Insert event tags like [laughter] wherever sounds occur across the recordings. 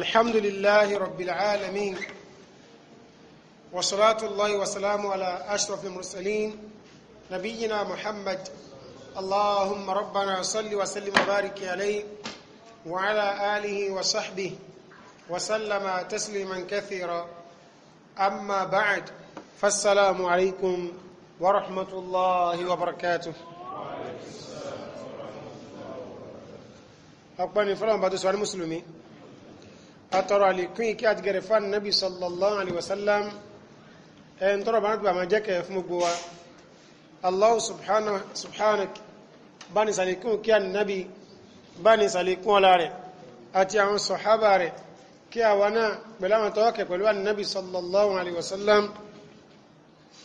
الحمد لله رب العالمين وصلاة الله وسلام على أشرف المرسلين نبينا محمد اللهم ربنا صل وسلم وبارك عليه وعلى آله وصحبه وسلم تسليما كثيرا أما بعد فالسلام عليكم ورحمة الله وبركاته وعليكم السلام ورحمة الله وبركاته أقبل فرما بعد سؤال المسلمين atọrọ àlékún ìkí àti gẹ̀rẹ̀ fún ànábì sallallahu alaihi wasallam ẹn tọrọ bá ń gbà máa jẹ́ kẹ̀ fún gbogbo wa allahu subhanak bá ní sàlékún kí ànábì bá ní sàlékún ọlá rẹ̀ àti àwọn sọ̀hábà rẹ̀ kí àwa náà pẹ̀lú àwọn tọ́wọ́kẹ̀ pẹ̀lú ànábì sallallahu alaihi wasallam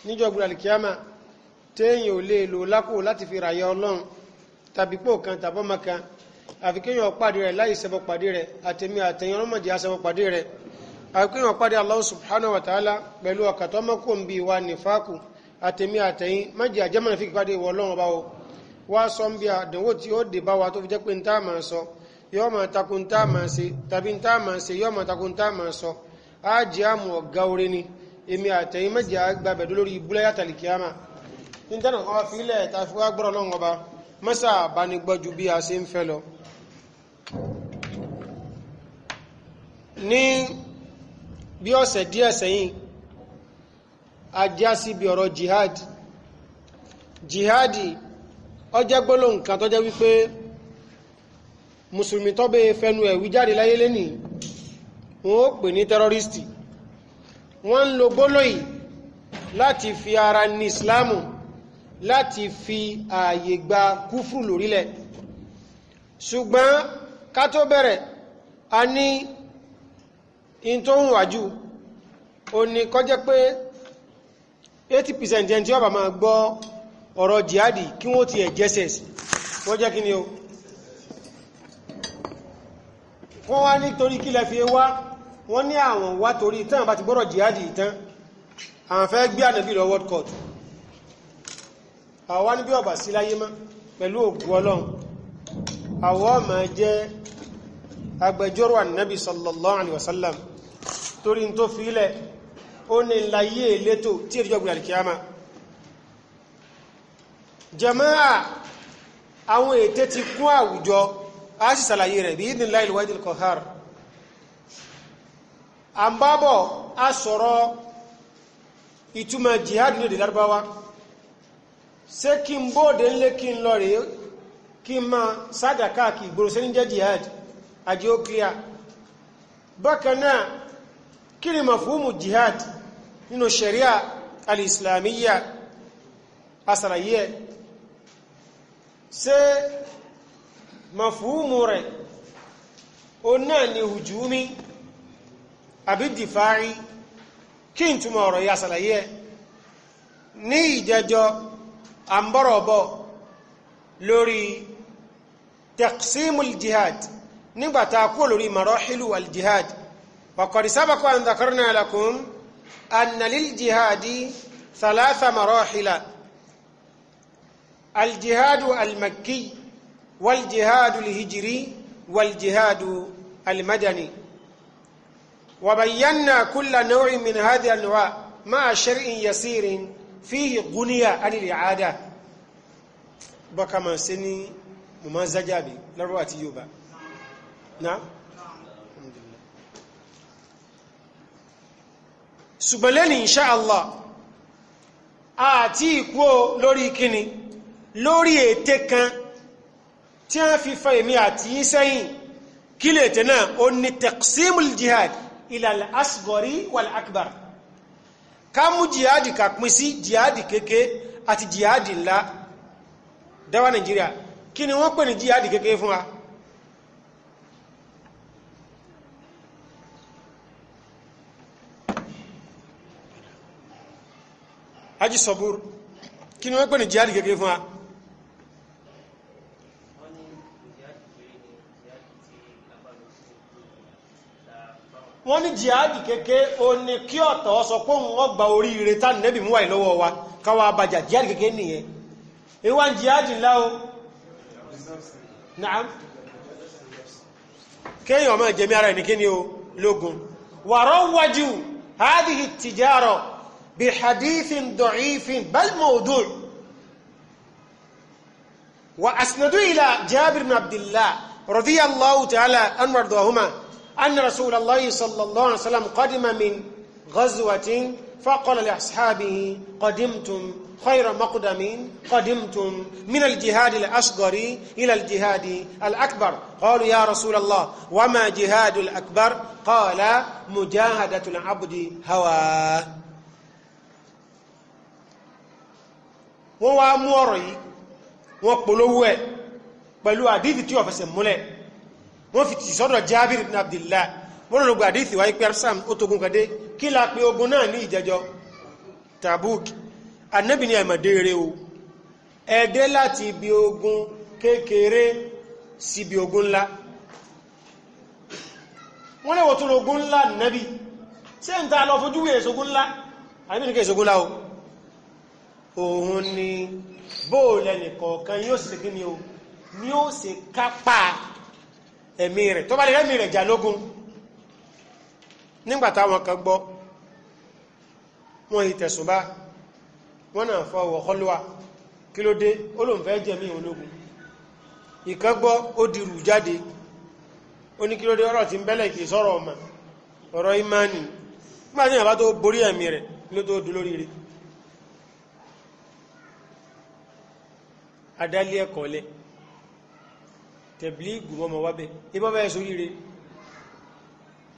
níjọ́ gbúra alìkíyàmà àfi kéèyàn pàdé rẹ̀ láì ṣẹbọ pàdé rẹ̀ àtẹ̀mí àtẹ̀yìn ọlọ́mọdé àṣẹbọ pàdé rẹ̀ àfi kéèyàn pàdé Allah subhanahu wa ta'ala pẹ̀lú ọ̀kàtọ́ mọ́kòǹbí wa nífàkù àtẹ̀mí àtẹ̀yìn mọ́jì àjẹmọ́nà fi pàdé ìwọ ọlọ́run bá wo wá sọ ń bí àdánwò tí ó dé bá wa tó fi jẹ́ pé ń tá a máa sọ yóò máa takun tá a máa ṣe tàbí ń tá a máa ṣe yóò máa takun tá a máa sọ á jẹ́ àmú ọ̀gá orin ni èmi àtẹ̀yìn mọ́jì àgbàbẹ̀dó lórí ibúlẹ̀ bí a ṣe ń fẹ́ lọ ní bí ọ̀sẹ̀ díẹ̀ sẹ́yìn ajá síbi ọ̀rọ̀ jihad jihadi ó jẹ́ gbólóhùn kan tó jẹ́ wípé mùsùlùmí tó bẹ́ fẹnu ẹ̀ wíjáde láyé lẹ́nì wọ́n ó pè ní tẹ́rọrìstì wọ́n ń lo gbólóyìí láti fi ara ní islamu láti fi ààyè gba kúfù lórílẹ̀ ṣùgbọ́n ká tó bẹ̀rẹ̀ a ní in tó ń wájú o ní kọjẹ́ pé 80% ẹni tí ọba máa gbọ́ ọ̀rọ̀ jihadi kí wọ́n ti ẹ̀jẹ́sẹ̀ wọ́n jẹ́ kí ni o wọ́n wá nítorí kílẹ̀ fi wá wọ́n ní àwọn wá torí tán bá ti gbọ́rọ̀ jihadi ìtàn àwọn fẹ́ gbé ànàbí lọ world court àwọn wá níbi ọba sí láyé mọ́ pẹ̀lú ògùn ọlọ́run àwọ́ ma jẹ́ agbẹjọ́rò annabi sallallahu alaihi wasallam torí tó fílẹ̀ ó ní láyé létò tí èdè ọgbìn alkiyama jama'a àwọn ètè ti kún àwùjọ a sì sàlàyé rẹ̀ bí ìdìn láìlú wáìdìl kọ̀hár àbábọ̀ a sọ̀rọ̀ ìtumọ̀ jihad ní èdè lárúbáwá kí n bóòdé ńlé kí n lọ rèé kí ma sádàká kí ìgboro sí ní jẹ́ jihad àjí ó kíyà bákanáà kí ni mafúmù jihad nínú sharia alìsìlámíyà asàlàyé ṣe mafúmù rẹ̀ ó náà ni hujúmi àbí dìfáàrí kí n túnmọ̀ ọ̀rọ̀ yà sàlàyé ní ìjẹjọ́ àmbọ̀rọ̀bọ̀ lórí taqsimu al-jihad nígbàtà kúrò lórí marohilu al-jihad وقد سبق أن ذكرنا لكم أن للجهاد ثلاث مراحل الجهاد المكي والجهاد الهجري والجهاد المدني وبينا كل نوع من هذه الأنواع مع شرع يسير فيه غنية عن الإعادة بكما سني mo máa ń zájáde lọ́rọ̀ àti Yorùbá náà ṣùgbọ́n lẹ́ni insha Allah àti ìkú lórí kíni lórí ète kan tí a fi fa èmi àti yí sẹ́yìn kí lè tẹ̀ náà ó ní taqsimul jihad ilal asgori wal akbar ká mú jihadi kàpín sí jihadi kéke àti jihadi ńlá dáwà Nàìjíríà kí ni wọ́n pè ní jihadi kékeré fún wa ají kí ni wọ́n pè ní jihadi kékeré fún wa wọ́n ní jihadi kékeré o ní kí ọ̀tọ̀ sọ pé òun ọgbà orí ire tá mú wà lọ́wọ́ wa káwà nìyẹn o نعم كيني وما جميع رأيني كيني لغم وروجوا هذه التجارة بحديث ضعيف بل موضوع وأسندوا إلى جابر بن عبد الله رضي الله تعالى عن رضاهما أن رسول الله صلى الله عليه وسلم قدم من غزوة فقال لأصحابه قدمتم خير مقدم قدمتم من الجهاد الأصغر إلى الجهاد الأكبر قالوا يا رسول الله وما جهاد الأكبر قال مجاهدة العبد هوى wọ́n wá mú ọ̀rọ̀ yìí wọ́n polówó ẹ̀ pẹ̀lú àdíìtì tí ó fẹsẹ̀ múlẹ̀ wọ́n fi tìsọ́dọ̀ Jábìr ibn Abdillah wọ́n lọ́gbà àdíìtì wáyé pẹ́rẹ́sàm ó tógun kàdé kí la pe ogun náà ní ìjẹjọ Tabuk anẹ́bì ní ẹ̀mọ̀dére o ẹ̀dẹ́ láti ibi ogun kékeré sí ibi ogun ńlá wọ́n lẹ́wọ̀ tó ogun ńlá nẹ́bì ṣe ń ta lọ fojú wèé ńlá ẹ̀mí rẹ̀ tó bá lè rẹ́mí rẹ̀ jà lógun nígbà táwọn kan gbọ́ wọ́n yí tẹ̀sùbá wọ́n náà fọ́ ọwọ́ kọlùwà kí ló dé ó lòun fẹ́ jẹ̀mí ológun ìkan gbọ́ ó dirù jáde ó ní kí ló dé ọ̀rọ̀ tí ń bẹ́lẹ̀ kì í ọmọ ọ̀rọ̀ imani nígbà ìyàbá tó borí ẹ̀mí rẹ̀ ló tó ẹ̀kọ́ sórí rẹ̀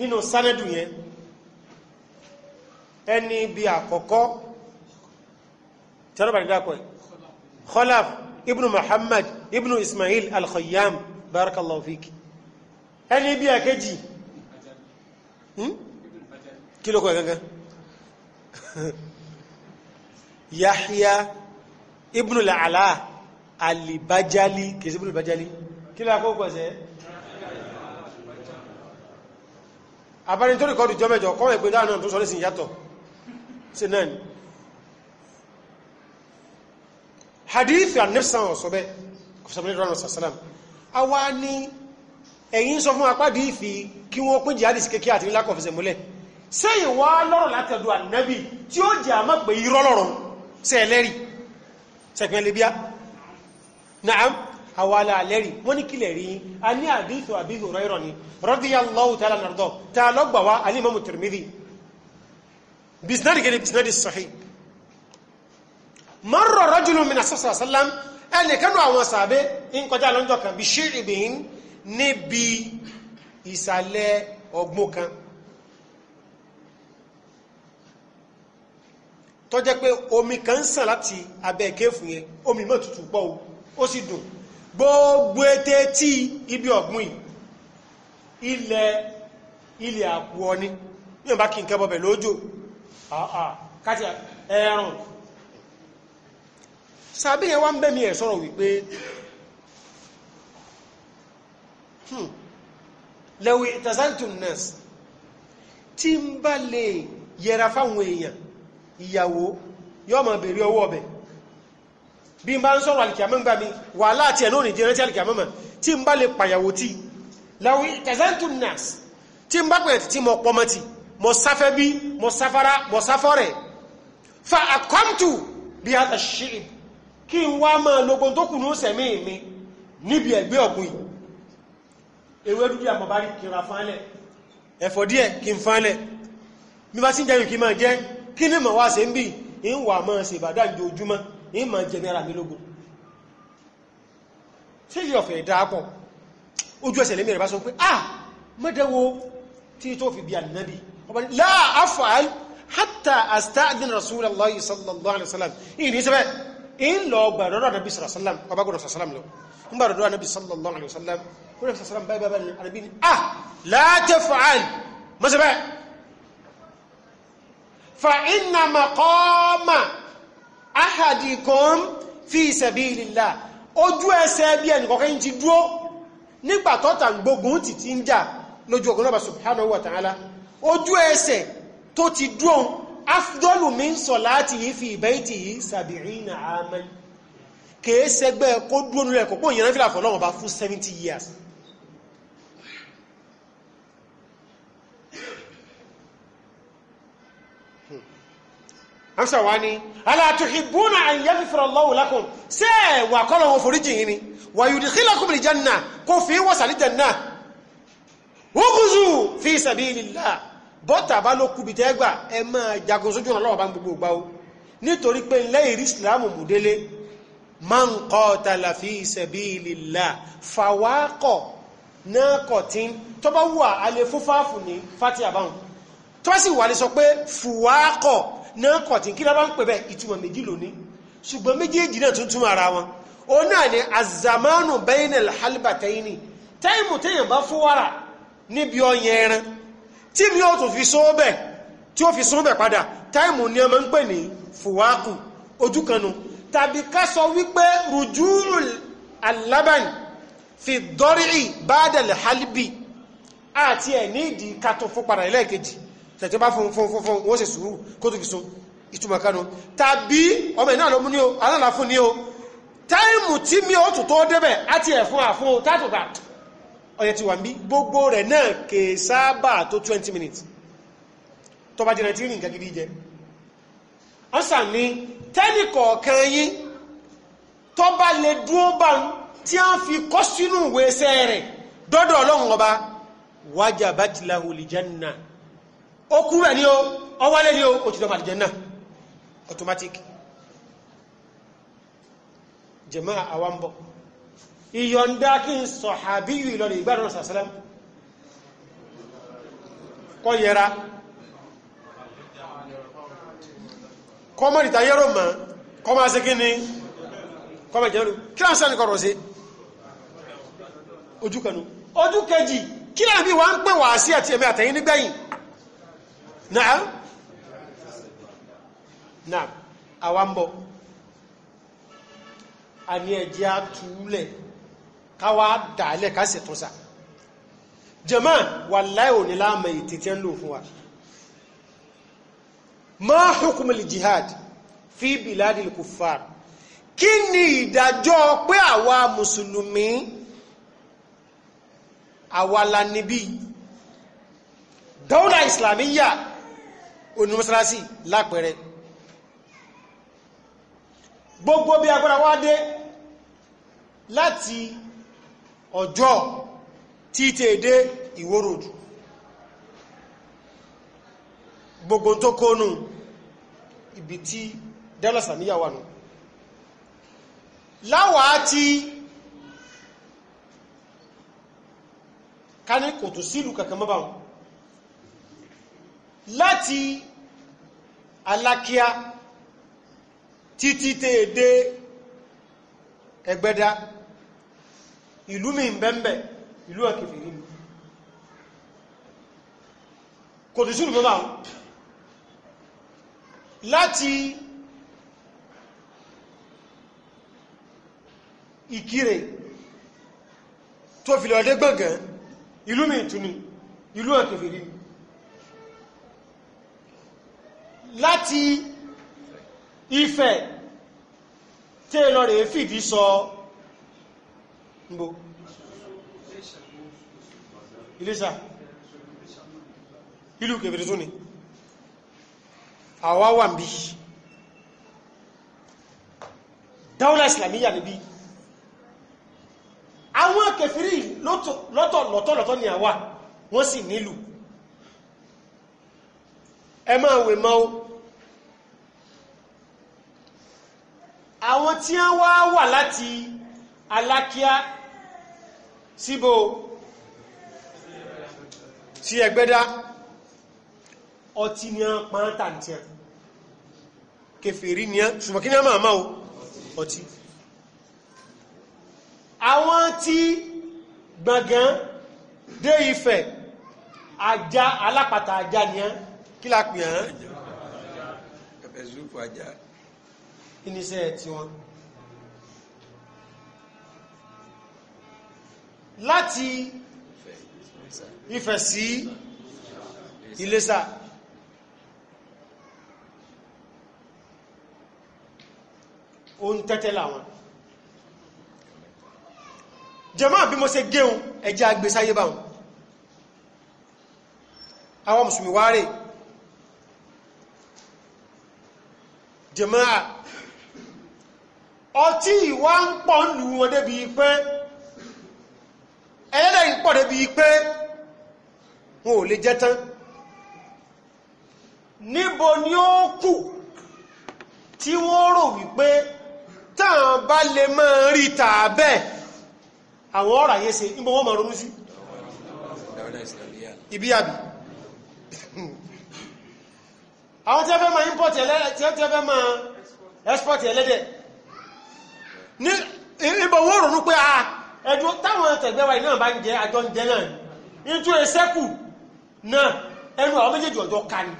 nínú sanadu yẹn ẹni bí àkọ́kọ́ tẹ́rọ bàdìdá kọ́ khalaf ibnu muhammad ibnu ismail al-khayyam barakallahu fiki ẹni bí àkejì hmm? kí ló kọ́ gangan [laughs] yahya ibnu la'ala alibajali kìí sí ibnu al-bajali kí ló akọ́kọ́ sẹ́yẹ́ àbárin tó rìkọ́dù jọ mẹ́jọ kọ́ ẹ̀pẹ́ dáa náà tó sọ ní sin yàtọ̀ sí náà ni hadith anifsan ọ̀sọ́bẹ́ ọ̀sọ́bẹ́ àwa ni ẹ̀yin sọ fún apádi ìfì kí wọ́n pín jihadis kékeré àti ńlá kọ̀fẹ́sẹ̀ múlẹ̀ sẹ́yìn wá lọ́rọ̀ látẹ̀dù ànábì tí ó jẹ́ àmọ́ pé irọ́ lọ́rọ̀ sẹ́ẹ̀lẹ́rì sẹ́pẹ̀lẹ́bíà naam àwàlà àlẹ́rì wọ́n ní kílẹ̀ rí a ní àdíṣò àbíṣò rẹ́rọ̀ ni radiyallahu ta'ala nàrọ̀dọ̀ ta lọ́gbà wá alímọ̀mù Tirmidhi bisnadi gẹ́gẹ́ bisnadi sahih marra rajulun min asọ́sọ́ àsálàm ẹnìkanú àwọn sàbẹ́ ń kọjá lọ́jọ́ kan bí ṣe ìbìyìn níbi ìsàlẹ̀ ọgbó kan tó jẹ́ pé omi kan ń sàn láti abẹ́ kéfù yẹn omi mọ́ tutù pọ̀ ó sì dùn gbogbo ete tí ibi ọ̀gbun ilẹ̀ ilẹ̀ àpò ọní yóò bá kí n kẹbọ̀bẹ̀ lójò káti ẹ̀rùn sàbíyàn wá ń bẹ́ mi ẹ̀ sọ̀rọ̀ wípé hmm, lẹ́wì tazantum nurse tí ń bá lè yẹra fáwọn èèyàn ìyàwó yọ́ mọ̀ bèèrè ọwọ́ ọ̀bẹ̀ bí n bá ń sọ̀rọ̀ alìkìyàmọ́ ń gbà mí wàhálà àti ẹ̀nà òní jẹ́rẹ́ tí alìkìyàmọ́ mọ̀ tí n bá lè pàyàwó tí láwí tẹ̀sẹ̀ntù tí n bá pẹ̀lẹ̀ tí mo pọmọ tí sáfẹ́ bí mo sáfara mo sáfọ́rẹ̀ fa àkọ́mtù bí a ṣe kí n wá máa lógun tó kù ní mi níbi ẹ̀gbẹ́ ọ̀gbìn yìí ewé dúdú àmọ̀bárí kí n ra fánlẹ̀ ẹ̀fọ́ díẹ̀ kí n fánlẹ̀ bí bá sí jẹ́yìn kí máa jẹ́ kí ní mọ̀ wá ṣe ń bì ń wà máa ṣèbàdàn jojúmọ́ ní ma jẹnara mi lógún tí yíò fẹ̀ dáapọ̀ ojú ẹsẹ̀ lẹ́mí rẹ̀ bá sọ pé ah mẹ́dẹ̀wó tí tó fi bí annabi ọba láà afọ́al hatta astadin rasulallah sallallahu alaihi wasallam ìní sẹ́fẹ́ in lọ gbàdọ́dọ̀ anabi sallam ọba gbọdọ̀ sallam lọ ń gbàdọ́dọ̀ anabi sallallahu alaihi wasallam gbọdọ̀ sallam báyìí báyìí anabi ni ah láà taf'al mọ́sẹ̀fẹ́ fa inna maqama ahadikum fi sabilillah ojú ẹsẹ̀ bí ẹnì kọ̀ọ̀kan ti dúró nígbà tọ́ta gbógun ti ti ń jà lójú ọkùnrin ọba subhanahu wa ta'ala ojú ẹsẹ̀ tó ti dúró afdọ́lù min salatihi fi baytihi sab'ina aman kèé sẹgbẹ́ kó dúró nílẹ̀ kó pọ̀ ìyẹn náà fìlà bá fún 70 years amsa wa ni ala tuhibbuna an yaghfira Allahu lakum ṣé wà kọ́ lọ́wọ́ foríjì yìí ni wa yudkhilakum aljanna kò fi wọ́n sàlì janna wukuzu fi sabilillah bọ́tà bá ló kubi tẹ́gbà ẹ máa jagun sójú ọ̀nà lọ́wọ́ bá ń gbogbo gbá o nítorí pé lẹ́yìn rí islam mùdélé man qatala fi sabilillah fàwákọ̀ náà kọ̀ tí tó bá wà alẹ́ fúfáàfù fati àbáhùn tó bá sì wà lè sọ pé fùwákọ̀ náà kọ̀tí kí lábá ń pè bẹ́ ìtumọ̀ méjì lónìí ṣùgbọ́n méjèèjì náà tún túmọ̀ ara wọn ó náà ni azamanu bainal halbatayni táìmù téèyàn bá fún wàrà níbi ọyàn ẹran tí mi ó tún fi sóbẹ̀ tí ó fi sóbẹ̀ padà táìmù ni ọmọ ń pè ní fùwákù ojú kanu tàbí ká sọ wípé rujúrù alábàn fi dọ́rí bádàlì halbi àti ẹ̀ ní ìdí ká fún padà ilé kejì tẹ̀tẹ̀ bá fún fún fún fún wọ́n ṣe sùúrù kó tó fi sun ìtumọ̀ kánú tàbí ọmọ ìnáà ló mú ní o aláàlá fún ní o táìmù tí mi ó tù tó débẹ̀ àti ẹ̀fún àfún tátùgbà ọ̀yẹ̀ ti wà ń gbogbo rẹ̀ náà kè sábà tó 20 minutes tó bá jẹ́rẹ̀ tí rìn gagidi jẹ́ ọ́sà ní tẹ́nì kọ̀ọ̀kan yí tó bá lè dúó bá tí a ń fi kọ́ sínú ìwé iṣẹ́ rẹ̀ dọ́dọ̀ ọlọ́run ọba wájà bá ti náà ó kúrò ní o ọwálé ní o òtùdọ̀ màlìjẹ́nà automatic jẹ́mọ́ àwambọ̀ ìyọ̀ndá kí n sọ àbíyù ìlọ́lẹ̀ ìgbàdàn sàsálám kọ́ yẹra kọ́mọ̀rìta yẹ́rọ mọ́ kọ́mọ̀ sí kí ni kọ́mọ̀ jẹ́rù kí láà sẹ́ni kọ̀rọ̀ sí ojú kẹnu ojú kejì kí láà bí wọ́n ń pè wà sí àti ẹ̀mẹ́ àtẹ̀yìn nígbẹ̀yìn نعم نعم àwambọ̀ a ní ẹjẹ́ àtúlẹ̀ káwà dàálẹ̀ kásẹ̀ tún sa jẹ́mọ́ wallahi ní láàmà ìtẹ̀tẹ̀ lò fún wa ma hukumul jihad fi biladil kuffar kí ni ìdájọ́ pé àwa mùsùlùmí àwa dawla islamiyya onú mọ́sálásí lápẹẹrẹ gbogbo bí agbára wá dé láti ọjọ́ títẹ̀ dé ìwóròdù gbogbo tó kónú ibi tí dẹ́lọ̀ sàmíyà wà nù láwàá tí ká ní kò tó sílù kankan mọ́bàá láti alákíá títí tèèdè ẹgbẹ́dá ìlú mi bẹ́m̀bẹ̀ ìlú ẹ̀kẹfẹ̀ nínú kò tí súnù mọ́bà láti ìkírè tó fi lọ́dẹ́ gbọ̀ngàn ìlú mi ìtúni ìlú ẹ̀kẹfẹ̀ nínú láti Ifẹ̀ tí lọ rẹ̀ fìdí sọ gbò Iléṣà ìlú kèfèrè tó ni àwa wà ń bí dáúlà islamiyya níbí àwọn kèfèrè lọ́tọ̀ lọ́tọ̀ lọ́tọ̀ ni àwa wọ́n sì nílùú ẹ máa wè mọ́ o àwọn tí wọ́n wá wà láti alákíá síbo sí ẹgbẹ́dá ọtí ni wọ́n pa ń tàǹtì kèfèrí ni wọ́n ṣùgbọ́n kí ni wọ́n máa máa o ọtí àwọn tí gbọ̀ngàn dé Ifẹ̀ alápàtà ajá ni wọ́n kí la pè hàn ẹ̀fẹ̀sùpù ajá kí ni iṣẹ́ tí wọ́n láti Ifẹ̀ sí Iléṣà ó ń tẹ́tẹ́ láwọn jẹmọ́ bí mo ṣe géun ẹjẹ́ agbésáyé báwọn àwọn mùsùlùmí wárèé jẹ̀máà ọtí ìwá ń pọ̀ ń lù wọn débi pé ẹlẹ́dẹ̀ yìí pọ̀ débi pé wọn ò lè jẹ tán níbo ni ó kù tí wọ́n rò wípé táwọn bá lè máa rí tàbẹ́ àwọn ọ̀rọ̀ àyẹ́sẹ̀ níbo wọ́n máa ronú sí ibi àbí àwọn tí a fẹ́ máa import ẹlẹ́dẹ̀ tí a fẹ́ máa export ẹlẹ́dẹ̀ ní ìbọ̀ wọ́n rònú pé a ah, ẹ̀dùn táwọn tẹ̀gbẹ́wà iná bá ń jẹ àjọ ń jẹ náà nítorí ẹsẹ́kù náà ẹnu àwọn méjèèjì ọ̀dọ́ ka ni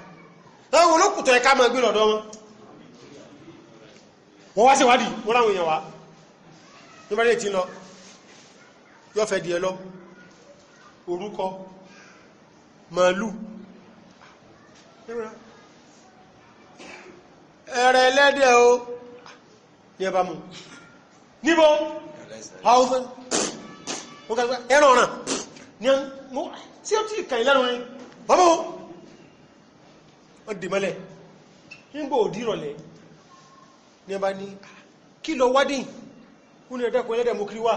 láwọn olókùtọ̀ ẹ̀ka máa gbé lọ́dọ̀ wọn wọ́n wá síwádìí wọ́n láwọn èèyàn wá nígbà tí lọ yóò fẹ́ di ẹ lọ orúkọ màálù ẹ̀rẹ̀ ẹlẹ́dẹ̀ o ní ẹbá mú níbo hausen ẹran ọ̀ràn ní mú sí ọ́ tí ìkà ìlànà rẹ̀ bọ́bọ́ ọ dìmọ́lẹ̀ nígbò òdírọ̀lẹ̀ ní ẹbá ní ah, kí lọ wádìí kúnlẹ̀ ẹ̀dẹ́kùn ẹlẹ́dẹ̀ mú kiri wá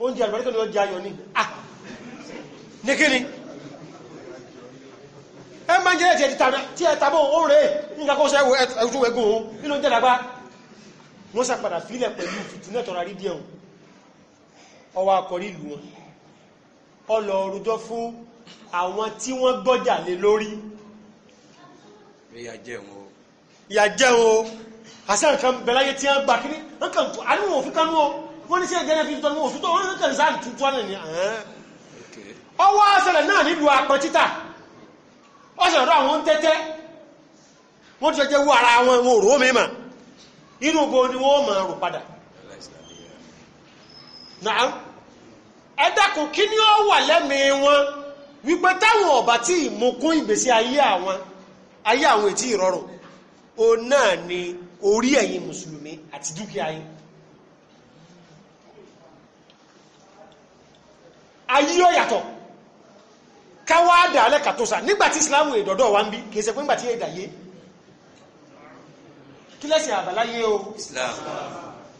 oúnjẹ àgbàríkà ni ọjà ayọ̀ ní ah ní ẹ máa ń jẹ́ ẹ̀jẹ̀ tí ẹ tàbí òun rẹ̀ nǹkan kọ́ṣẹ́ ẹ̀jú ẹgbùn òun nínú jẹ́ dàgbà wọ́n sàpadà fílẹ̀ pẹ̀lú fìtínà tọ́ra rí díẹ̀ ọwọ́ akọrí ìlú wọn ọlọ orújọ́ fún àwọn tí wọ́n gbọ́jà lé lórí ọwọ́ àṣẹlẹ̀ náà nílùú apọ̀ títà ọ̀sọ̀rọ̀ àwọn tẹ́tẹ́ wọ́n ti ṣẹ́jẹ́ wú ara wọn wọn òrò mímọ̀ inú ni wọ́n mọ̀ rò padà náà ẹ̀dàkùn kí ni ó wà wọn wípé táwọn ọ̀bá tí ìmọ̀kún ìgbésí ayé àwọn ayé ètí ìrọ̀rùn o náà ni orí ẹ̀yin mùsùlùmí àti dúkìá ayé káwá dà alẹ́ kàtọ́sà nígbàtí islamu èdọ̀dọ̀ wa ń bí kìí ṣe pé nígbàtí èdà kí lẹ́sìn àbáláyé o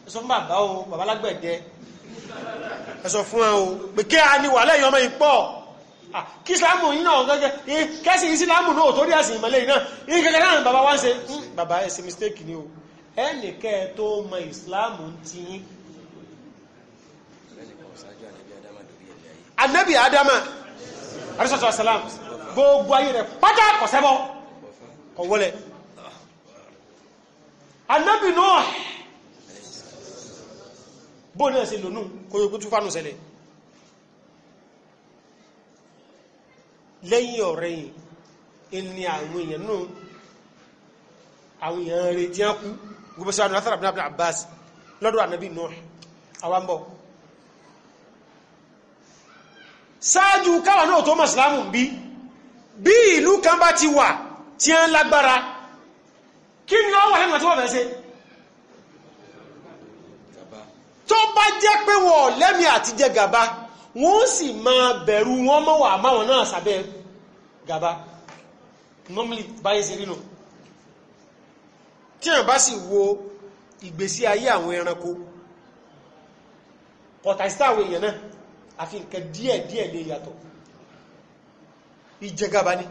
ẹ̀sọ́ fún bàbá o bàbá lágbẹ̀dẹ ẹ̀sọ́ fún ẹ o pé kí a ní wàhálà ìyọmọ yìí pọ̀ kí islamu yìí náà gẹ́gẹ́ kẹ́sì islamu náà torí ẹ̀sìn ìmọ̀lẹ́ yìí náà yìí gẹ́gẹ́ náà bàbá wa ń ṣe bàbá ẹ̀sìn mistake ni o ẹnìkẹ́ tó mọ islamu ti yín anabi adama àrísọ̀tọ̀ àsàlám gbogbo ayé rẹ̀ pátá kọ̀sẹ́bọ̀ kọ̀wọ́lẹ̀ anábì náà bó náà sí lónú kó yóò tó fánù sẹlẹ̀ lẹ́yìn ọ̀rẹ́yìn ẹni àwọn èèyàn náà àwọn èèyàn rẹ̀ tí kú gbogbo sí àwọn àtàràbìnà Abbas lọ́dọ̀ anábì náà àwọn bọ̀ ṣáájú káwà náà tó mọ̀sílámù bí bí ìlú kan bá ti wà tí a ń lágbára kí ni wọ́n wà lẹ́nu àti wọ́n fẹ́ ṣe tó bá jẹ́ pé wọ́n lẹ́mí àti jẹ gàba wọ́n sì máa bẹ̀rù wọ́n mọ́ wà máwọn náà sábẹ́ gàba normally báyé sí rínú tí a bá sì wo ìgbésí ayé àwọn ẹranko kọ̀tàìsítà èèyàn náà àfi nǹkan díẹ̀ díẹ̀ lè yàtọ̀ ìjẹgàba ní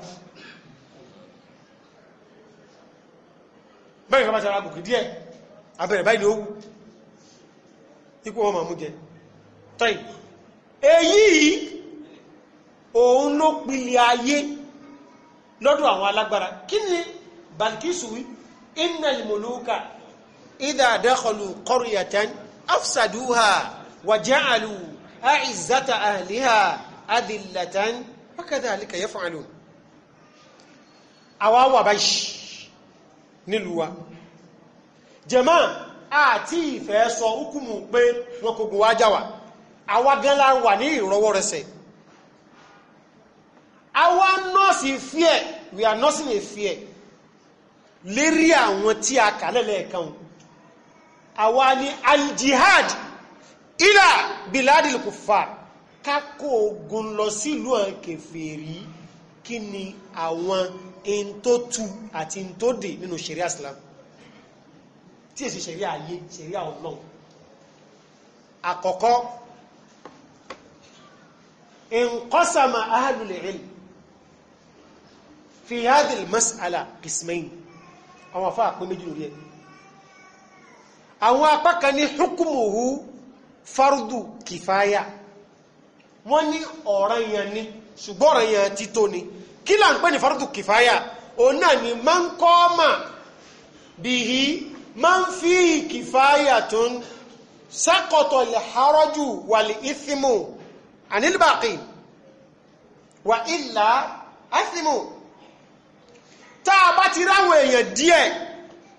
bẹ́ẹ̀ kama sára gòkè díẹ̀ abẹ̀rẹ̀ báyìí ló wú ikú wọn màmú jẹ tọ́ì èyí òun ló pilẹ̀ ayé lọ́dọ̀ àwọn alágbára kí ni Balkisu wí innal muluka idha dakhalu qaryatan afsaduha wa ja'alu أعزة أهلها أذلة وكذلك يفعلون أوا wà نلوا nílùú wa jẹ̀mọ́ àti ìfẹ́ sọ hukumu pé wọn kò gùn wá jáwà àwa gan wà ní ìrọwọ́ rẹsẹ̀ àwa nọ́ọ̀sì fear we are nursing a fear lérí àwọn tí a kà lẹ́lẹ́ẹ̀kan àwa ni aljihad ilà biladil kufar kákó ogun lọ sílùú àwọn kèfèrí kí ni àwọn in tó tu àti in tó dè nínú ṣẹ̀ríà Islam tí èsì ṣẹ̀ríà ayé ṣẹ̀ríà Ọlọ́run àkọ́kọ́ انقسم أهل العلم في هذه المسألة قسمين أو فاق بمجنورية أو أبقى لحكمه fardu kìfáyà wọ́n ní ọ̀ranyàn ni ṣùgbọ́n ọ̀ranyàn tító ni kí là ń pè ní fardu kìfáyà òun náà ni máa ń kọ́ mà bìí máa ń fi kìfáyà tó ń sákọ̀tọ̀ lè harọ́jù wà lè ìfimù ànílbàkì wà ìlà áfimù tá a bá ti ráwọn èèyàn díẹ̀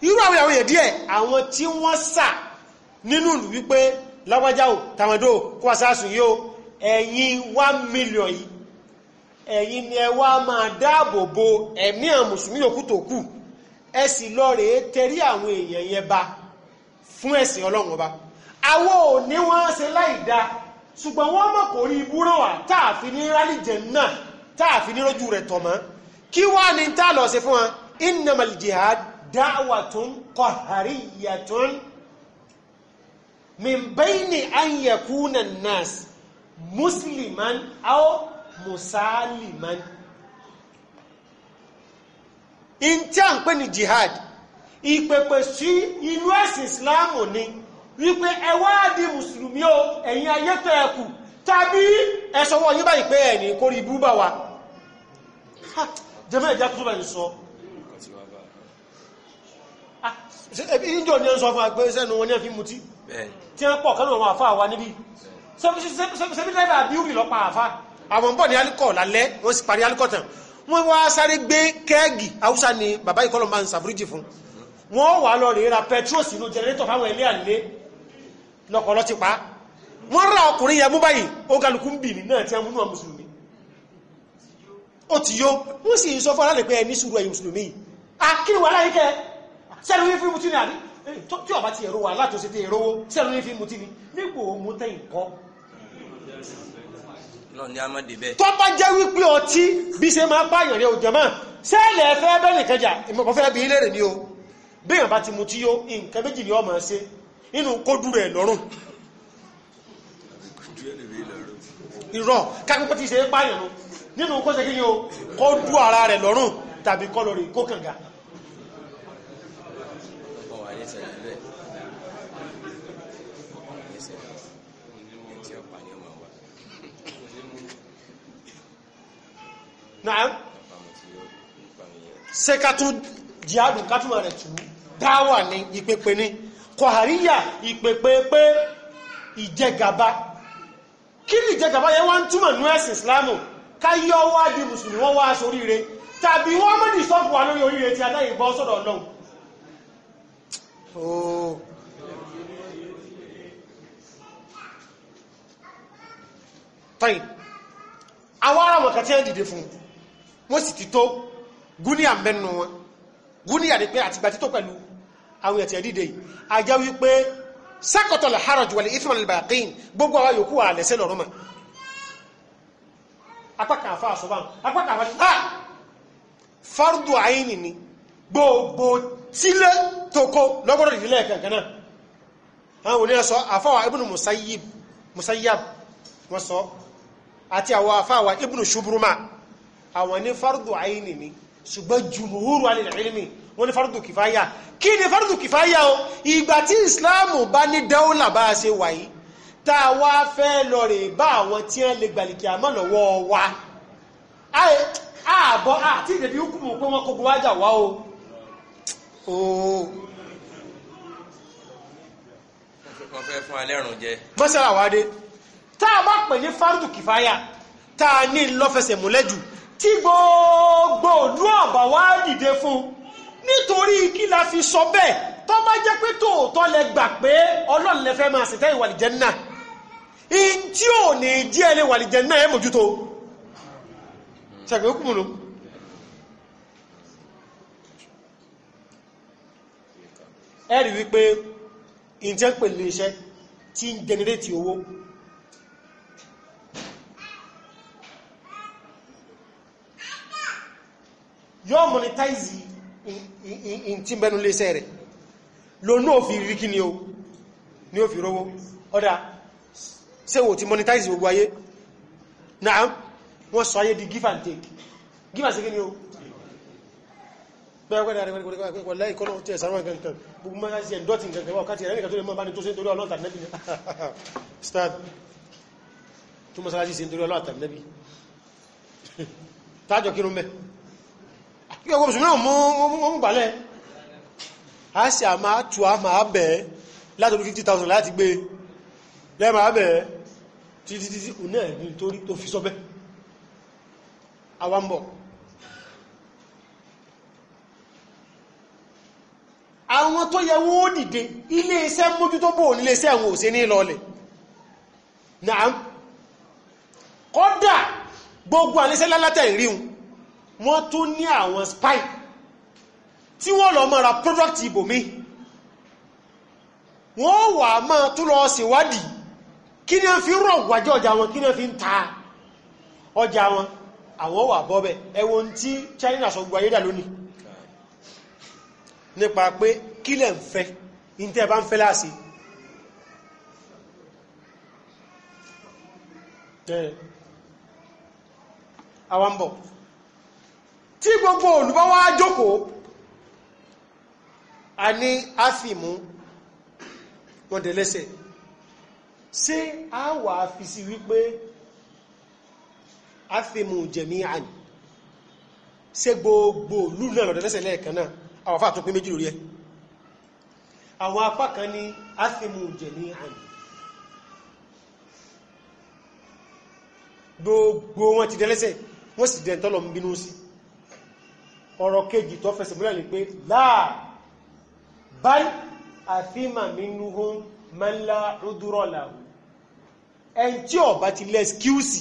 irú àwọn èèyàn díẹ̀ àwọn tí wọ́n sà nínú ìlú wípé lágbájá o tàmàdó kó àsásùn yóò ẹ̀yin one million yìí ẹ̀yin ni ẹ wá máa dáàbò bo ẹ̀mí àwọn mùsùlùmí yòókù tó kù ẹ sì lọ rèé tẹrí àwọn èèyàn yẹn ba fún ẹ̀sìn ọlọ́run ọba àwọn ò ní wọ́n ṣe láì da ṣùgbọ́n wọ́n mọ̀ kò rí ibú ràn min bayni an yakuna an-nas musliman aw musaliman in tí a ń pè ní jihad ìpèpè sí inú ẹ̀sìn islamu ni wípé ẹ wá di mùsùlùmí o ẹ̀yin ayé tó ẹ kù tàbí ẹ sọwọ́ yín báyìí pé ẹ̀yìn kórí ibú bá wa jẹ́mọ́ ìjà tó bá ń sọ ìjọ ah, ni ẹ ń sọ fún wa pé sẹ́nu wọn ní ẹ fi mutí tí wọ́n pọ̀ kánú àwọn àfáà wa níbí sẹ́bí lẹ́bàá bíúrì lọ́pàá àfáà àwọn ń bọ̀ ní alikọ̀ lálẹ́ wọ́n sì parí alikọ̀ tán wọ́n wá sáré gbé kẹ́ẹ̀gì haúsá ni bàbá ìkọlọ̀ máa ń sàfúrìjì fún wọ́n wà lọ rèé ra petrol sínú jẹnẹrétọ̀ fáwọn ilé àlè lọ́kọ̀ọ́lọ́ ti pa wọ́n ra ọkùnrin yẹn mú báyìí ó kálukú ń bì ní náà tí a mú nù mùsùlùmí ó ti yó wọ́n sì ń sọ fún aláàlẹ́ pé ẹni sùúrù ẹ̀yìn mùsùlùmí yìí akíwàlá yìí kẹ́ sẹ́nu wí fún mutí ni àbí Eh, tí ọba ti ẹ̀rọ wà látòsí ti ẹ̀rọ sẹ́nu ní fi mú tí ni nígbò mú tẹ́ ìkọ́. tó bá jẹ́ wípé ọtí bí ṣe máa pààyàn rẹ̀ òjò máa sẹ́ẹ̀lẹ̀ ẹ̀fẹ́ bẹ́ẹ̀ nìkan jà ìmọ̀kọ́ fẹ́ bí ilé rẹ̀ ni o béèyàn bá ti mú tí yó nǹkan méjì ni ọmọ ṣe inú kódú rẹ̀ lọ́rùn. irọ́ kákúkọ́ ti ṣe é pààyàn nínú kó ṣe kí ni o kó dú ara rẹ̀ lọ́rùn tàbí kọ́ lórí kó kànga náà ṣe ká tún jihadu ká tún rẹ̀ tù dáwà ní ìpèpè ní kọ̀hàríyà ìpèpè pé ìjẹgàba kí ni ìjẹgàba yẹn wá ń túmọ̀ ní ẹ̀sìn Islam ká yọ wá di mùsùlùmí wọ́n wá aṣọ oríire tàbí wọ́n mọ́ ní sọ́ọ̀fù wa lórí oríire tí adáyé bọ́ sọ́dọ̀ ọlọ́run tọ́yìn àwọn ará mọ̀kàtí ẹ̀ dìde fún un wọ́n sì ti tó gúníà mẹ́nu wọn gúníà ni pé àtìgbà tító pẹ̀lú àwọn ẹ̀tì ẹ̀dìdè ajá wípé sákọ̀tọ̀lẹ̀ haraj wal ithma al baqin gbogbo àwọn yòókù àlẹ́sẹ̀ lọ́rùn mọ́ apákan àfa àsọ̀bá apákan àfa ha fardu àyìn ni gbogbo tílé toko lọ́gọ́rọ̀ ìdílé kankan náà àwọn òní sọ àfáwà ibùn musayyab wọ́n sọ àti àwọn àfáwà ibùn shubruma àwọn ní fardu àyíní ni ṣùgbọ́n jùmùhúrù alìlẹ̀ẹ́lìmì wọ́n ní fardu kìfáyà kí ni fardu kìfáyà o ìgbà tí ìsìláàmù bá ní dáúlà bá a ṣe wà yìí tá a wá fẹ́ lọ rè bá àwọn tí wọ́n lè gbàlìkì àmọ́ lọ́wọ́ wa àbọ̀ àti ìdẹ̀bí hukumu pé wọ́n kógun wájà wá o wọ́n tá a bá pè ní fardu kìfáyà tá a ní lọ́fẹsẹ̀ mọ́lẹ́jù tí gbogbo òlú ọ̀bà wá dìde fún nítorí kí la fi sọ bẹ́ẹ̀ tó bá jẹ́ pé tòótọ́ lẹ gbà pé ọlọ́run lẹ fẹ́ máa ṣètẹ́ ìwàlìjẹ́ náà in tí ò ní jẹ́ ẹlẹ́ ìwàlìjẹ́ náà ẹ mójútó ṣàgbé kúmùnú ẹ̀rí wípé ìjẹ́ iṣẹ́ tí ń generate owó yóò monetize ìntí bẹnu léṣẹ́ rẹ̀ lónú òfin ríkí ni o ní òfin rówó ọ̀dá ṣe wò ti monetize gbogbo ayé náà wọ́n sọ ayé di give and take give and take ni o bẹ́ẹ̀ wẹ́n rẹ̀ wọ́n láì kọ́nà tí ẹ̀sàrọ̀ gankan gbogbo mọ́ra sí ẹ̀ndọ́tì gangan wọ́n káti ẹ̀rẹ́nìkan tó lè mọ́ bá ní tó sí nítorí ọlọ́ta nẹ́bí start tó mọ́sára sí nítorí ọlọ́ta [laughs] nẹ́bí tájọ kírun mẹ́ kí ọgbọ́n mùsùlùmí náà mú mú gbálẹ̀ a sì a máa tù a máa bẹ̀ ẹ́ látọ̀dún 50,000 láti gbé e. lẹ́ máa bẹ̀ ẹ́ títí títí kù náà torí tó fi sọ́bẹ́ awambo àwọn tó yẹ wó dìde ilé iṣẹ́ mójútó bò nílé iṣẹ́ àwọn òṣè ní ìlọlẹ̀ náà kọ́dà gbogbo àníṣẹ́ lálátẹ̀ ìríhun wọ́n tún ní àwọn spy tí wọ́n lọ máa ra product ibòmí wọ́n wà máa tún lọ ṣèwádìí kí ni a fi rọ̀ wájú ọjà wọn kí ni a fi ń ta ọjà wọn àwọn wà bọ́bẹ̀ ẹwọ́n tí China sọ gbogbo ayédà lónìí nípa pé kí lẹ̀ ń fẹ́ ní tẹ́ bá ń fẹ́ láàṣì àwọn bọ̀ tí gbogbo olùbá wá jókòó a ní áfìmú wọ́n dẹ̀ lẹ́sẹ̀ ṣé a wà fi sí wípé áfìmú jẹ̀mí àní ṣé gbogbo olú náà lọ́dẹ̀ lẹ́sẹ̀ lẹ́ẹ̀kan náà àwọn afá tó pín méjì lórí ẹ àwọn apá kan ní áfìmú jẹ̀mí àní gbogbo wọn ti dẹ́lẹ́sẹ̀ wọ́n sì dẹ̀ tọ́lọ̀ ń bínú sí i ọ̀rọ̀ kejì tó fẹsẹ̀ múlẹ̀ ní pé láà báyìí àfíìmà minhum man la udura lahu ẹn tí ó bá ti lẹ́skíùsì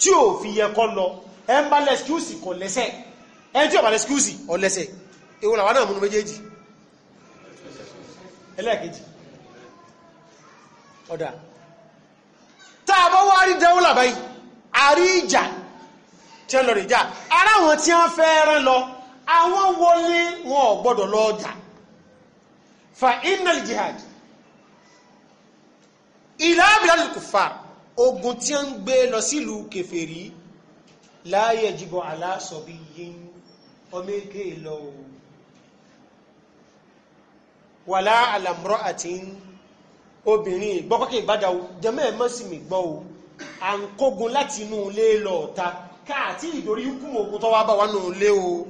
tí ò fi yẹ kọ́ lọ ẹn bá lẹ́skíùsì kò lẹ́sẹ̀ ẹn tí ó bá lẹ́skíùsì ó lẹ́sẹ̀ èwo làwọn náà múnú méjèèjì tí wọ́n lọ rè jà ara wọn tí wọ́n fẹ́ rán lọ àwọn wọlé wọn ò gbọ́dọ̀ lọ jà fa innal jihad ìlà abilalil kufar ogun tí wọ́n ń gbé lọ sílùú kèfèrí la yajibu ala sabiyyin ọmọ èké lọ wàlá ala imra'atin obìnrin ìgbọ́kọ́kẹ́ ìbádáwó jẹ́mọ́ gbọ́ o à ń kógun láti inú ilé lọ́ọ̀ta káàtí ìdórí ikú ogun tó wá bá wánú lé o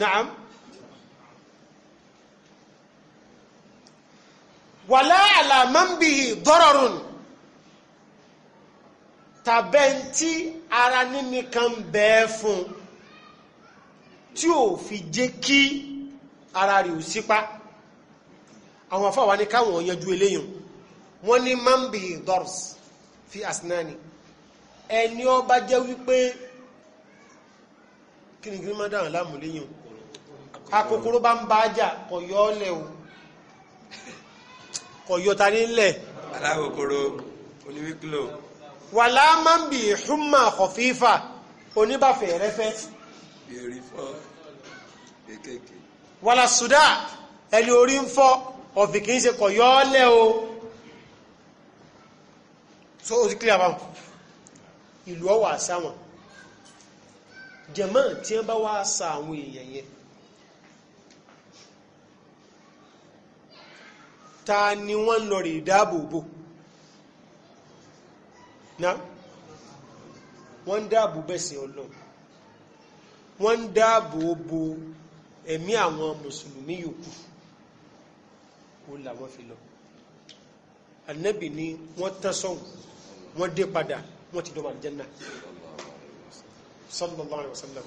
na'am wàlá àlàmọ́nbì dọ́rọ̀rùn tàbẹ́ntí ara níní kan bẹ́ẹ̀ fún tí ò fi jẹ́ kí ara rí ò sípá si àwọn afáwà ní káwọn yanjú eléyìn wọ́n ní mambi dors fi asinani ẹni ó bá jẹ́ wípé kìrìkìrì máa dáhùn láàmú léyìn akòkòrò bá ń bá ájà kọ̀ lẹ̀ o kọ̀ ta ní lẹ̀ alákòkòrò oníwíkìlò wàlá mambi humma kọfífà oníbàfẹ́ rẹ́fẹ́ wàlá sùdá ẹni orí ń fọ́ ọ̀fì kìí ṣe kọ̀ yọ́ọ́lẹ̀ o so o ti clear báwọn ìlú ọwà sáwọn jẹ̀mọ́ tí wọ́n bá wá sa àwọn èèyàn yẹn ta ni wọ́n lọ rí dáàbòbò na wọ́n dáàbò bẹ́sẹ̀ ọlọ́run wọ́n dáàbò bo ẹ̀mí àwọn mùsùlùmí yòókù ó làwọn fi lọ ànábì ni wọ́n tán sọ́hùn wọ́n dé padà wọ́n ti dọ́mà jẹ́nà sallallahu alaihi wasallam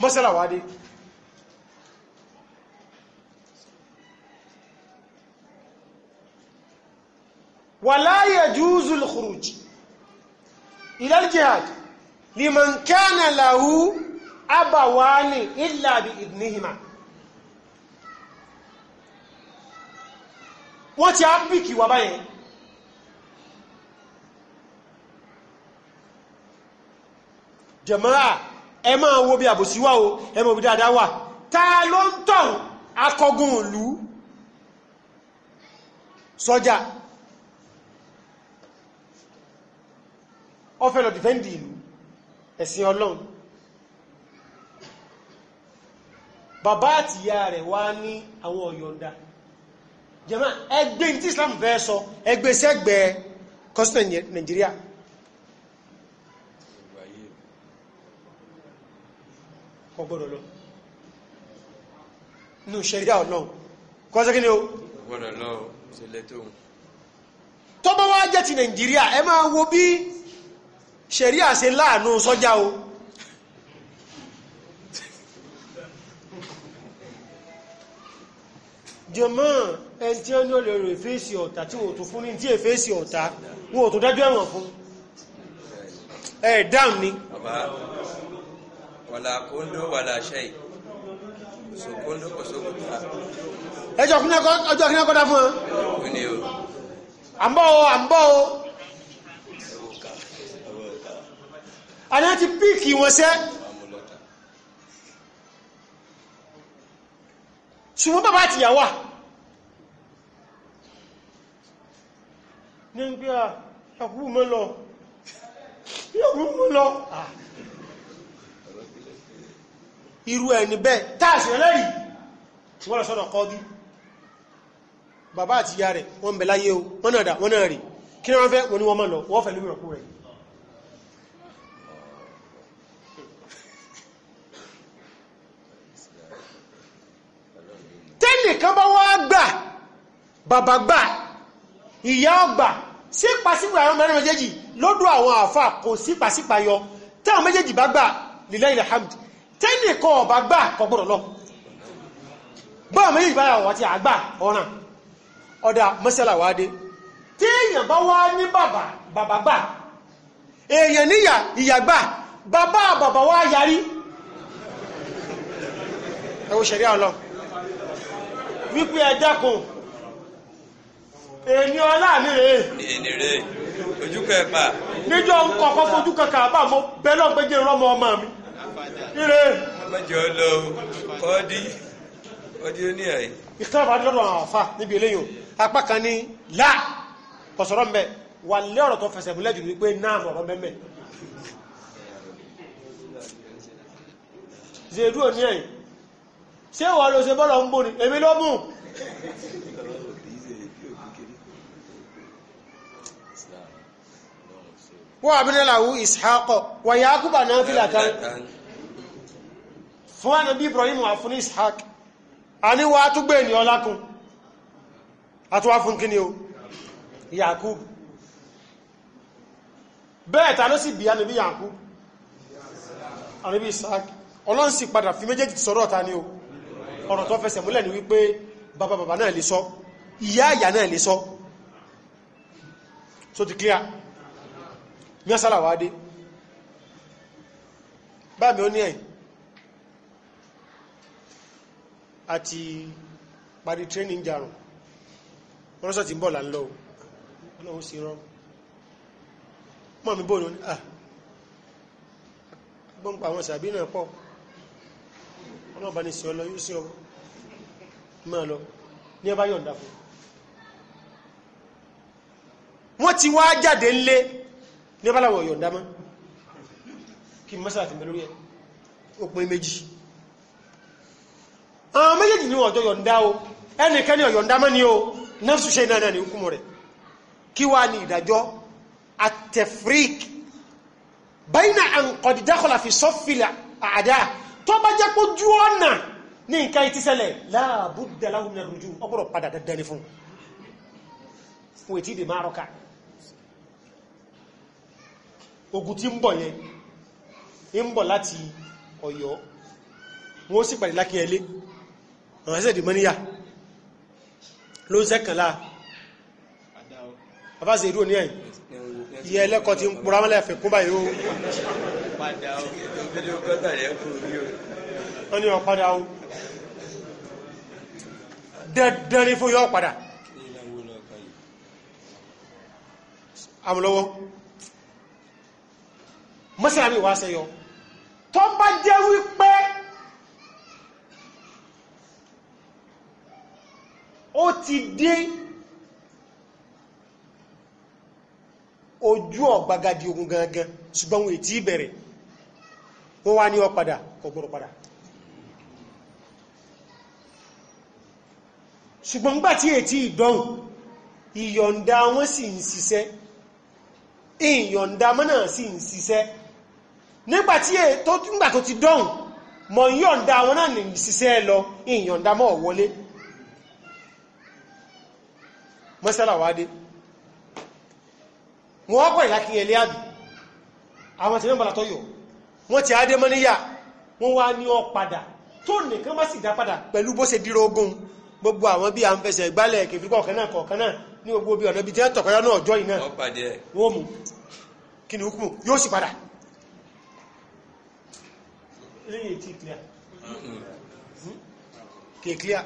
mọ́sálà wá dé wala yajuzu al-khuruj ila al-jihad liman kana lahu abawani illa bi wọ́n ti á pìkì wà báyẹn jẹ̀mọ́ra ẹ máa wo bí àbòsí wà o ẹ mọ̀ bí dáadáa wà ta ló ń tàn akọgun ìlú sọ́jà ọfẹ́ dìfẹ́ndì ìlú ẹ̀sìn ọlọ́run bàbá àtìyá rẹ̀ wá ní àwọn ọ̀yọ̀ǹda jẹ́mọ́ ẹgbẹ́ tí Islam fẹ́ sọ ẹgbẹ́ sẹ́gbẹ́ kọ́sítọ̀ Nàìjíríà ọgbọ́dọ̀ lọ nù ṣẹ̀ríà ọlọ́run kọ́sẹ́ kí ni ó ọgbọ́dọ̀ lọ ṣẹlẹ̀ tó tọ́bọ́ wá jẹ́ ti Nàìjíríà ẹ máa wo bí ṣẹ̀ríà ṣe láàánú jẹmọ́ ẹn tí ó ní olè rẹ̀ fèsì ọ̀tá tí wọ́n tó fún ní tí è fèsì ọ̀tá wọ́n tó dájú ẹ̀wọ̀n fún ẹ̀ dáhùn ni. bàbá wàlà kóńdó wàlà ṣẹ́yì sòkóńdó kò sókòtà. ẹjọ́ kí náà kọ́dá fún ọ. àmbọ̀ o àmbọ̀ ti píìkì wọn sẹ́. ṣùgbọ́n bàbá àti ìyàwó ní ń gbé à ẹ̀kú mọ́lọ ẹ̀kú mọ́lọ irú ẹni bẹ́ẹ̀ táàsì ẹlẹ́rìí wọ́n lọ sọ́dọ̀ kọ́dí bàbá àti ìyá rẹ̀ wọ́n bẹ̀ láyé o wọ́n náà dà wọ́n náà rí kí ni wọ́n fẹ́ wọ́n ni wọ́n mọ́ lọ wọ́n fẹ́ lórí ọkùnrin tẹ́nìkan bá wá gbà bàbá gbà ìyá ọgbà sí pàṣípà àwọn mẹ́rin méjèèjì lọ́dọ̀ àwọn àfà kò sí pàṣípà yọ táwọn méjèèjì bá gbà lillahi alhamd tẹ́nìkan ọ̀bá gbà kò gbọ́dọ̀ lọ bá méjèèjì bá yàwó àti àgbà ọ̀ràn ọ̀dà mọ́sálà wá dé téèyàn bá wá ní bàbá bàbá gbà èèyàn níyà ìyà gbà bàbá bàbá wá yarí ẹwọ́ ṣẹ̀rí àlọ́ wípé ẹ dákun èyí ọlá mi rèé. èyí rèé ojú kẹfà. níjọ ń kọ̀ọ̀kan fojú kẹkà bá mo bẹ́ẹ̀ náà gbẹ́jẹ́ rọ́mọ ọmọ mi. ire. ọmọdé ọlọ ọdí ọdí oníyà yìí. ìtàn àbájọ lọ́dọ̀ àwọn àfa níbi eléyìí o apá kan ní là kọ̀sọ̀rọ̀ mbẹ wà lé ọ̀rọ̀ tó fẹsẹ̀ múlẹ̀ jù wípé náà ọ̀rọ̀ mẹ́mẹ́. zedu oníyà yìí ṣé wàá lọ ṣe bọ́ọ̀lù ọ̀hún bò ní èmi ló mú wọ́n abinalawu ishaqo wà yakuba náà fi làtà fún ànábí ibrahim wà fún ishaq a ní wà tó gbé ní ọlákun àtúwà fún kí ni o yakub bẹ́ẹ̀ ta ló sì bí ànábí yakub ànábí ishaq ọlọ́nsì padà fi méjèèjì sọ̀rọ̀ ta ni o ọ̀rọ̀ tó fẹsẹ̀ múlẹ̀ ni wípé bàbá bàbá náà lè sọ ìyá àyà náà lè sọ so ti clear ní ọ̀sára wà dé báàmì ó ní ẹ̀yìn àti parí training jarun rọ́sọ̀ tí ń bọ̀ là ń lọ ọlọ́run sí rọrùn mọ́ mi bóòrùn ah gbọ́npa àwọn ìsàbí náà pọ̀ ọlọ́run bá ní sí ọlọ́ sí ọwọ́ máa lọ ní ọba yọ̀ǹda fún wọ́n ti wá jáde ńlé ní ọba láwọ̀ yọ̀ǹda mọ́ kí mọ́sára ti mẹ́lórí ẹ̀ òpin méjì àwọn méjèèjì ní ọjọ́ yọ̀ǹda o ẹnìkan ní ọ̀yọ̀ǹda mọ́ ni o nọ́ọ̀sù ṣe náà ní hukumu rẹ̀ kí wá ní ìdájọ́ atẹ̀frík báyìí náà àǹkọ̀dídákọ̀lá fi sọ́fìlà àdá tó bá jẹ́ pójú ọ̀nà ní nǹkan ìtísẹ̀lẹ̀ láàbùdà láhùn náà rújú ọgbọ́rọ̀ padà dandan ni fún fún ètí ìdè márùn ká ogun tí ń bọ̀ yẹn ń bọ̀ láti ọ̀yọ́ wọ́n sì pàdé lákí ẹlé àwọn ẹsẹ̀ ìdè mọ́níyà ló ń sẹ́kànlá àbáṣe ìrú òní ẹ̀yìn ìyẹ ẹlẹ́kọ̀ọ́ ti ń pura mọ́lẹ̀ fẹ̀kún báyìí ó wọ́n ní ọ̀padà ó dandan ní fún yọ padà àmúlọ́wọ́ mọ́sílámì wá sẹ́yọ tó bá jẹ́ wípé ó ti dé ojú ọ̀gbagadì ogun gangan ṣùgbọ́n wọ́n ètí ìbẹ̀rẹ̀ wọ́n wá ní ọ padà kò gbọ́dọ̀ padà ṣùgbọ́n gbà tí ètí ìdọ́hùn ìyọ̀ǹda wọn sì ń ṣiṣẹ́ ìyọ̀ǹda mọ́nà sì ń ṣiṣẹ́ nígbà tí ètò nígbà tó ti dọ́hùn mọ̀ ìyọ̀ǹda wọn náà ní ṣiṣẹ́ lọ ìyọ̀ǹda mọ́ wọlé mọ́sálàwádé wọ́n pọ̀ ìlàkínyẹ̀lẹ́ àbì àwọn tí wọ́n bàlá tọ́yọ̀ wọ́n ti adé mọ́ níyà wọ́n wá ní ọ padà tó nìkan má sì dá padà pẹ̀lú bó ṣe díró gbogbo àwọn bí a ń fẹsẹ̀ gbálẹ̀ kèfì kọ̀ọ̀kan náà kọ̀ọ̀kan náà ní gbogbo bí ọ̀nà ibi tí wọ́n tọ̀kọ́yá náà ọjọ́ iná wọ́n mú kí ni hukumu yóò sì padà clear hmm? kì í clear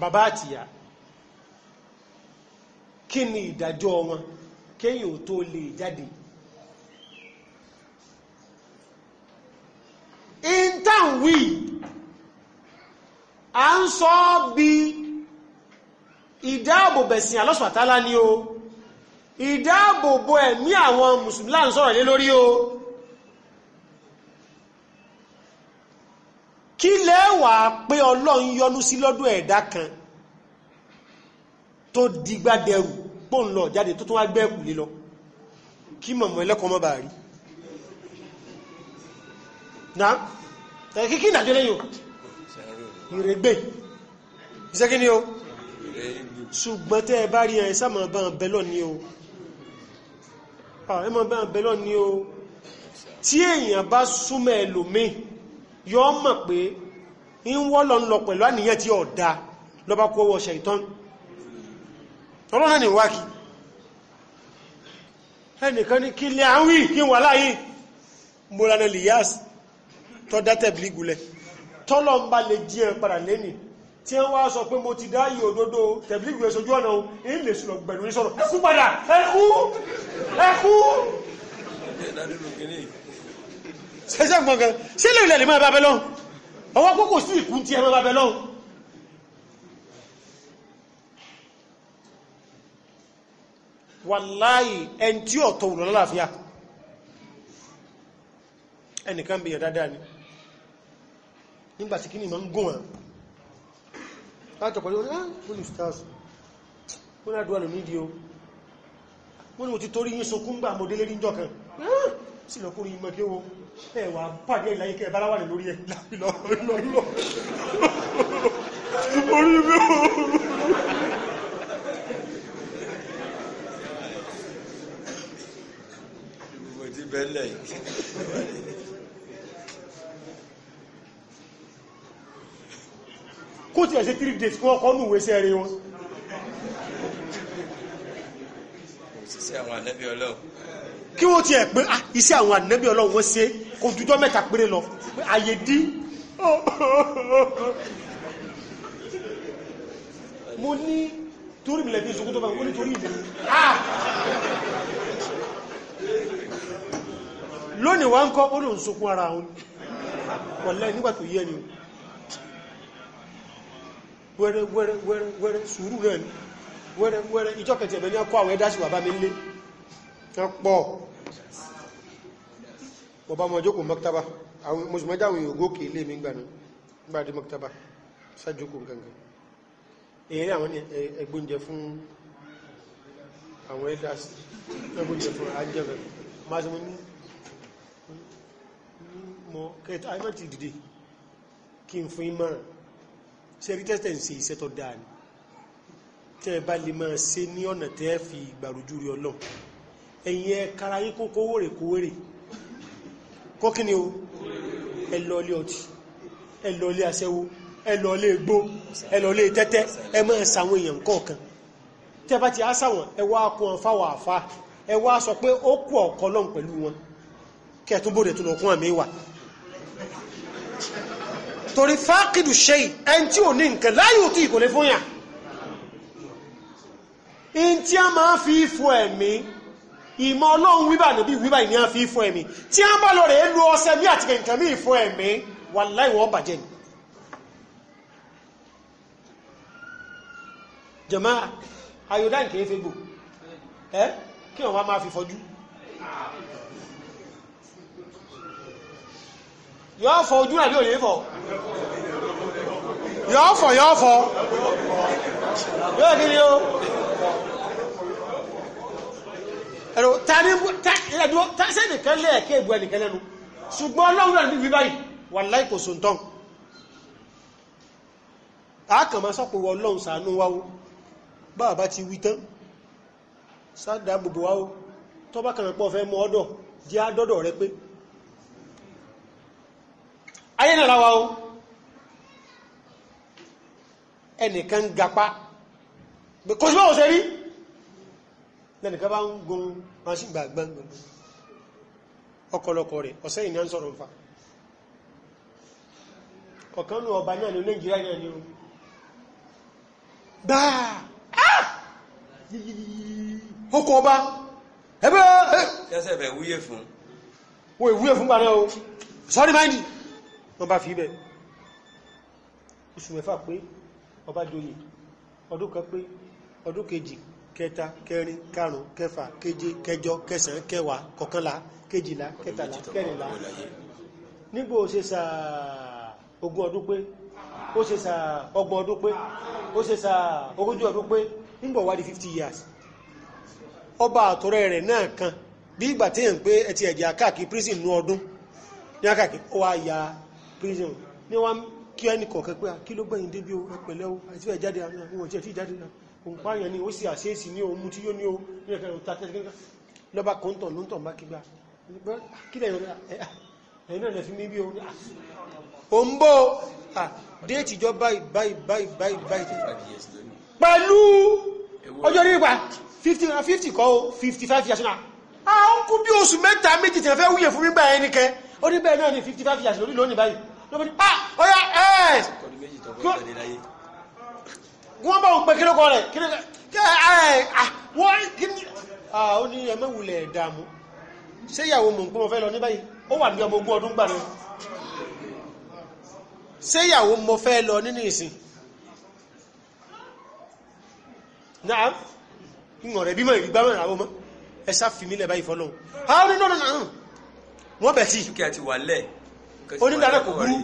bàbá àtìyà kí ni ìdájọ́ wọn kéyìn ò tó lè jáde ìntànwì à ń sọ bí ìdáàbòbẹ̀sìn alọ́sùwàtálá ni o ìdáàbòbò ẹ̀mí àwọn mùsùlùmí là ń sọ̀rọ̀ lé lórí o kí lẹ́wà pé ọlọ́run yọ́nú sí lọ́dún ẹ̀dá kan tó digbádẹrù pọ́n lọ jáde tó tún wá gbẹ́kù lé kí mọ̀mọ́ ẹlẹ́kọ̀ọ́ rí na kíkí ìdájọ́ lẹ́yìn o ìrẹ́gbẹ́ iṣẹ́ kí ni o ṣùgbọ́n tẹ́ ẹ bá rí ẹ sáàmọ̀ bá ń bẹ́lọ̀ ni o ẹmọ bá ń bẹ́lọ̀ ni o tí èèyàn bá súnmọ́ ẹlòmíì yọ mọ̀ pé ń wọ́lọ̀ ń lọ pẹ̀lú àníyàn tí ọ̀dá lọ́bá kó ọwọ́ ṣẹ̀tán ọlọ́nà ni wákì ẹnìkan ní kí lẹ́ àwí kí wà láyé mọ́lánà lìyàsì tó dá tẹ̀blígù lẹ̀ tọ́lọ̀ ń bá lè jí ẹ padà lẹ́nì tí wọ́n wá sọ pé mo ti dá yìí òdodo tẹ̀blígù ẹ̀ sojú ọ̀nà òun èyí lè sùlọ̀ gbẹ̀rù ní sọ̀rọ̀ ẹkú padà ẹkú ẹkú. ṣẹṣẹ gbọngàn ṣé lè lè máa bá bẹ lọ́hùn ọwọ́ kókò sí ìkú ti ẹ wàláyì ẹni tí ọ̀tọ̀ wùlọ́ lálàáfíà ẹnìkan bèèyàn dáadáa ni nígbàtí kí ni ma ń gùn wọn látọ̀pọ̀ ní wọ́n police stars wọ́n náà dúwà lómi ìdí o wọ́n ni mo ti torí yín sunkún gbà mọ́ délé níjọ́ kan sí ah, lọ́kùnrin ìmọ̀ kí o ẹwà pàdé ìlàyé kẹ́ bára wà lórí ẹ̀ [laughs] orí mi o kàn sí three days kí wọ́n kọ́ nù wẹ́sẹ̀ rẹ wọn. ṣiṣẹ́ àwọn ànábì ọlọ́run. kí wọ́n tiẹ̀ pé ah, iṣẹ́ àwọn ànábì ọlọ́run wọ́n ṣe kò jùjọ́ mẹ́ta péré lọ àyè dí. mo ní torí mi lẹ́bi ìṣòkòtò bá wọ́n nítorí ìdè ah! lónìí wá ń kọ́ ó lòun sunkún ara òun wọ̀lẹ́ nígbà tó yẹ ni o wẹ́rẹ́ wẹ́rẹ́ wẹ́rẹ́ wẹ́rẹ́ sùúrù rẹ̀ ní wẹ́rẹ́ wẹ́rẹ́ ìjọ kẹtì ẹ̀bẹ̀ ní ọkọ̀ àwọn ẹ̀dá sí wà bá mi lé pọ̀ ọba mọ̀ jókòó mọ́kítàbà àwọn mùsùlùmí àwọn èèyàn gòkè ilé mi gbànú gbàdé mọ́kítàbà sájókòó gangan èyí àwọn ẹgbóúnjẹ fún àwọn ẹ̀dá sí ẹgbóúnjẹ fún ajẹ́bẹ̀ máa sọ ní mọ́ kẹta ayé mọ́ ti dìde kí n fún ìmọ̀ràn sẹ́rí tẹ́tẹ̀ ń ṣe iṣẹ́ tó dáa ni tẹ́ bá lè máa ṣe ní ọ̀nà tẹ́ fi gbàrújú rí ọlọ́run ẹ̀yin ẹ kára yín kó kówèrè kówèrè kó kí ni o ẹ lọ ilé ọtí ẹ lọ ilé aṣẹ́wó ẹ lọ ilé igbó ẹ lọ ilé tẹ́tẹ́ ẹ máa ṣàwọn èèyàn kọ̀ọ̀kan tẹ́ ẹ bá ti á ṣàwọn ẹ wá kó wọn fáwọn àfa ẹ wá sọ pé ó kú ọ̀kọ́ lọ́n pẹ̀lú wọn kẹ́ẹ̀tún bòde tó lọ kún àmì wà torí fáàkìdù ṣe ẹni tí ò ní nǹkan láyé òtí kò lè fún yà in tí a máa fi fún ẹ̀mí ìmọ̀ ọlọ́run wíbà níbi wíbà ìní a fi fún ẹ̀mí tí a bá lọ rẹ̀ lu ọsẹ mí àti kẹ̀kẹ́ mí fún ẹ̀mí wà láìwọ́ bàjẹ́ ni jẹ̀má ayọ̀dá nìkẹ́ fẹ́ gbò ẹ́ kí wọ́n wá máa fi fọjú yọ́ fọ ojú rẹ̀ bí òye fọ yọ́ fọ yọ́ fọ yóò kiri o ẹ̀rọ tani ẹ̀dùn sẹ́nìkan lẹ́ẹ̀kẹ́ ìbú ẹnìkan lẹ́nu ṣùgbọ́n ọlọ́run náà níbi báyìí wà láì kò sùn tán àákàmọ́ sọ́pọ̀ wọ ọlọ́run ṣàánú wáwó báàbá ti wí tán sáàdà gbogbo wáwó tọ́bákanà pọ̀ fẹ́ mọ́ ọdọ̀ jẹ́ àdọ́dọ̀ rẹ pé ayé náà láwa o ẹnìkan gapá kò sí báwọn ṣe rí lẹ́nìkan bá ń gun maṣí gbàgbà ọkọlọkọ rẹ̀ ọ̀sẹ́ ìní à ń sọ̀rọ̀ nfa ọ̀kan nù ọba náà ní Nàìjíríà náà ní o gbáà ọkọ̀ ọba ẹgbẹ́ ẹsẹ̀ bẹ̀ wúyè fún wọ́n ìwúyè fún gbà náà o sorry mind wọ́n bá fi bẹ̀ oṣù mẹ́fà pé ọba doyè ọdún kan pé ọdún kejì kẹta kẹrin karùn kẹfà keje kẹjọ kẹsàn kẹwàá kọkànlá kejìlá kẹtàlá kẹrìnlá nígbò ó ṣe sàá ogún ọdún pé ó ṣe sàá ọgbọ̀n ọdún pé ó ṣe ọdún pé nígbò wá di 50 years ọba àtọ̀rẹ́ rẹ̀ náà kan bí ìgbà pé akáàkiri prison nú ya prison ní wọ́n kí ẹnì kọ̀ọ̀kẹ́ pé ah, kí ló gbẹ̀yìn débí o ẹpẹ̀lẹ́ o àti fẹ́ jáde àwọn ah, ọ̀tí jáde náà òun pààyàn ni ó sì àṣeèsì ní òun tí yóò ní o ní ẹ̀kẹ́ òta tẹ́tẹ́ lọ́ba kọ́ńtọ̀ ló ń tọ̀ bá kígbà kí lẹ́yìn ah, ẹ̀yìn náà lẹ́fi mí bí o ò ń bọ́ déètì jọ báyìí báyìí báyìí báyìí báyìí pẹ̀lú ọjọ́ nípa 50 kọ́ 55 years náà àwọn kú bí oṣù mẹ́ta méjì tí wọ́n fẹ́ wúyẹ̀ fún mi gbà ẹnikẹ́ ó ní bẹ́ẹ̀ náà ni 55 years lórí lónìí báyìí lóbi ní ah eh. ọ̀yà ẹ̀ wọ́n bá wọn pé kí ló kọ́ rẹ̀ kí ló kẹ́ ẹ̀ eh, ah, wọ́n kí ni ah ó ní ẹ̀mẹ́wulẹ̀ dààmú ṣé ìyàwó mò ń pọ́n fẹ́ lọ ní báyìí ó wà ní ọmọ ogún ọdún gbà náà ṣé ìyàwó mo fẹ́ lọ nínú ìsìn náà ìwọ̀n rẹ̀ bímọ̀ ìgbà mẹ́rin àwọn ọmọ ẹ̀sá fìmílẹ̀ báyìí fọ́lọ́wọ́ ah, onídàárẹ̀ kò burú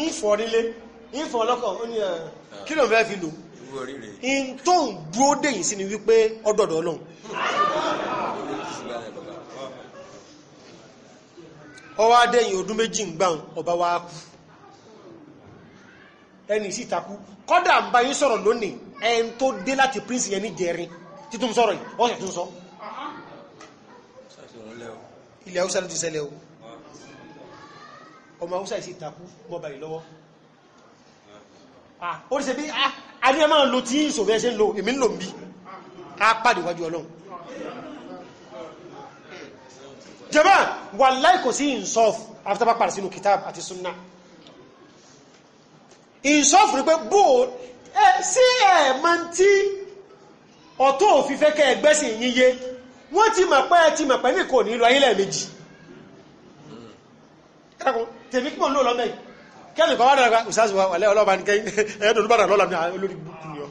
ń fọ́ nílé ń fọ́ ọlọ́kọ̀ ó ní kí ló ń fẹ́ fi lò in tó ń dúró dè yìí sí ni wípé ọdọọdọ Ọlọ́run ọwọ́ adẹ́yìn ọdún méjì ń gbà ọba wa kú ẹni sì takú kọ́dà ń bá yín sọ̀rọ̀ lónìí ẹni tó dé láti prince yẹn ní jẹrin títún sọ̀rọ̀ yìí ọ̀sẹ̀ tún sọ ilẹ̀ haúsá ló ti ṣẹlẹ̀ o ọmọ haúsá ìsì takú mọ́bà ìlọ́wọ́ ah. ó rí ṣe bí ah, a ní ẹmọ́ lo tí ìṣòfẹ́ ṣe ń lo èmi ń lò bí a pàdé wájú ọlọ́run jẹba wà láìkò sí insof after bá pàdé sínú kitab àti sunna insof rí pé bó sí ẹ̀ máa tí ọ̀tọ́ òfífẹ́ kẹ́ ẹgbẹ́sìn yíye wọ́n ti mọ̀ pé ti mọ̀ pé ní kò ní lọ ayé lẹ́ẹ̀mejì tèmi kí mò ń lò lọ́mẹ́ kẹ́lì kọ́ wá dára ìsáàsì wà lẹ́ ọlọ́ba ní kẹ́yìn ẹ̀ẹ́dọ̀ olúbàdàn lọ́la ní olórí búkú ni ọ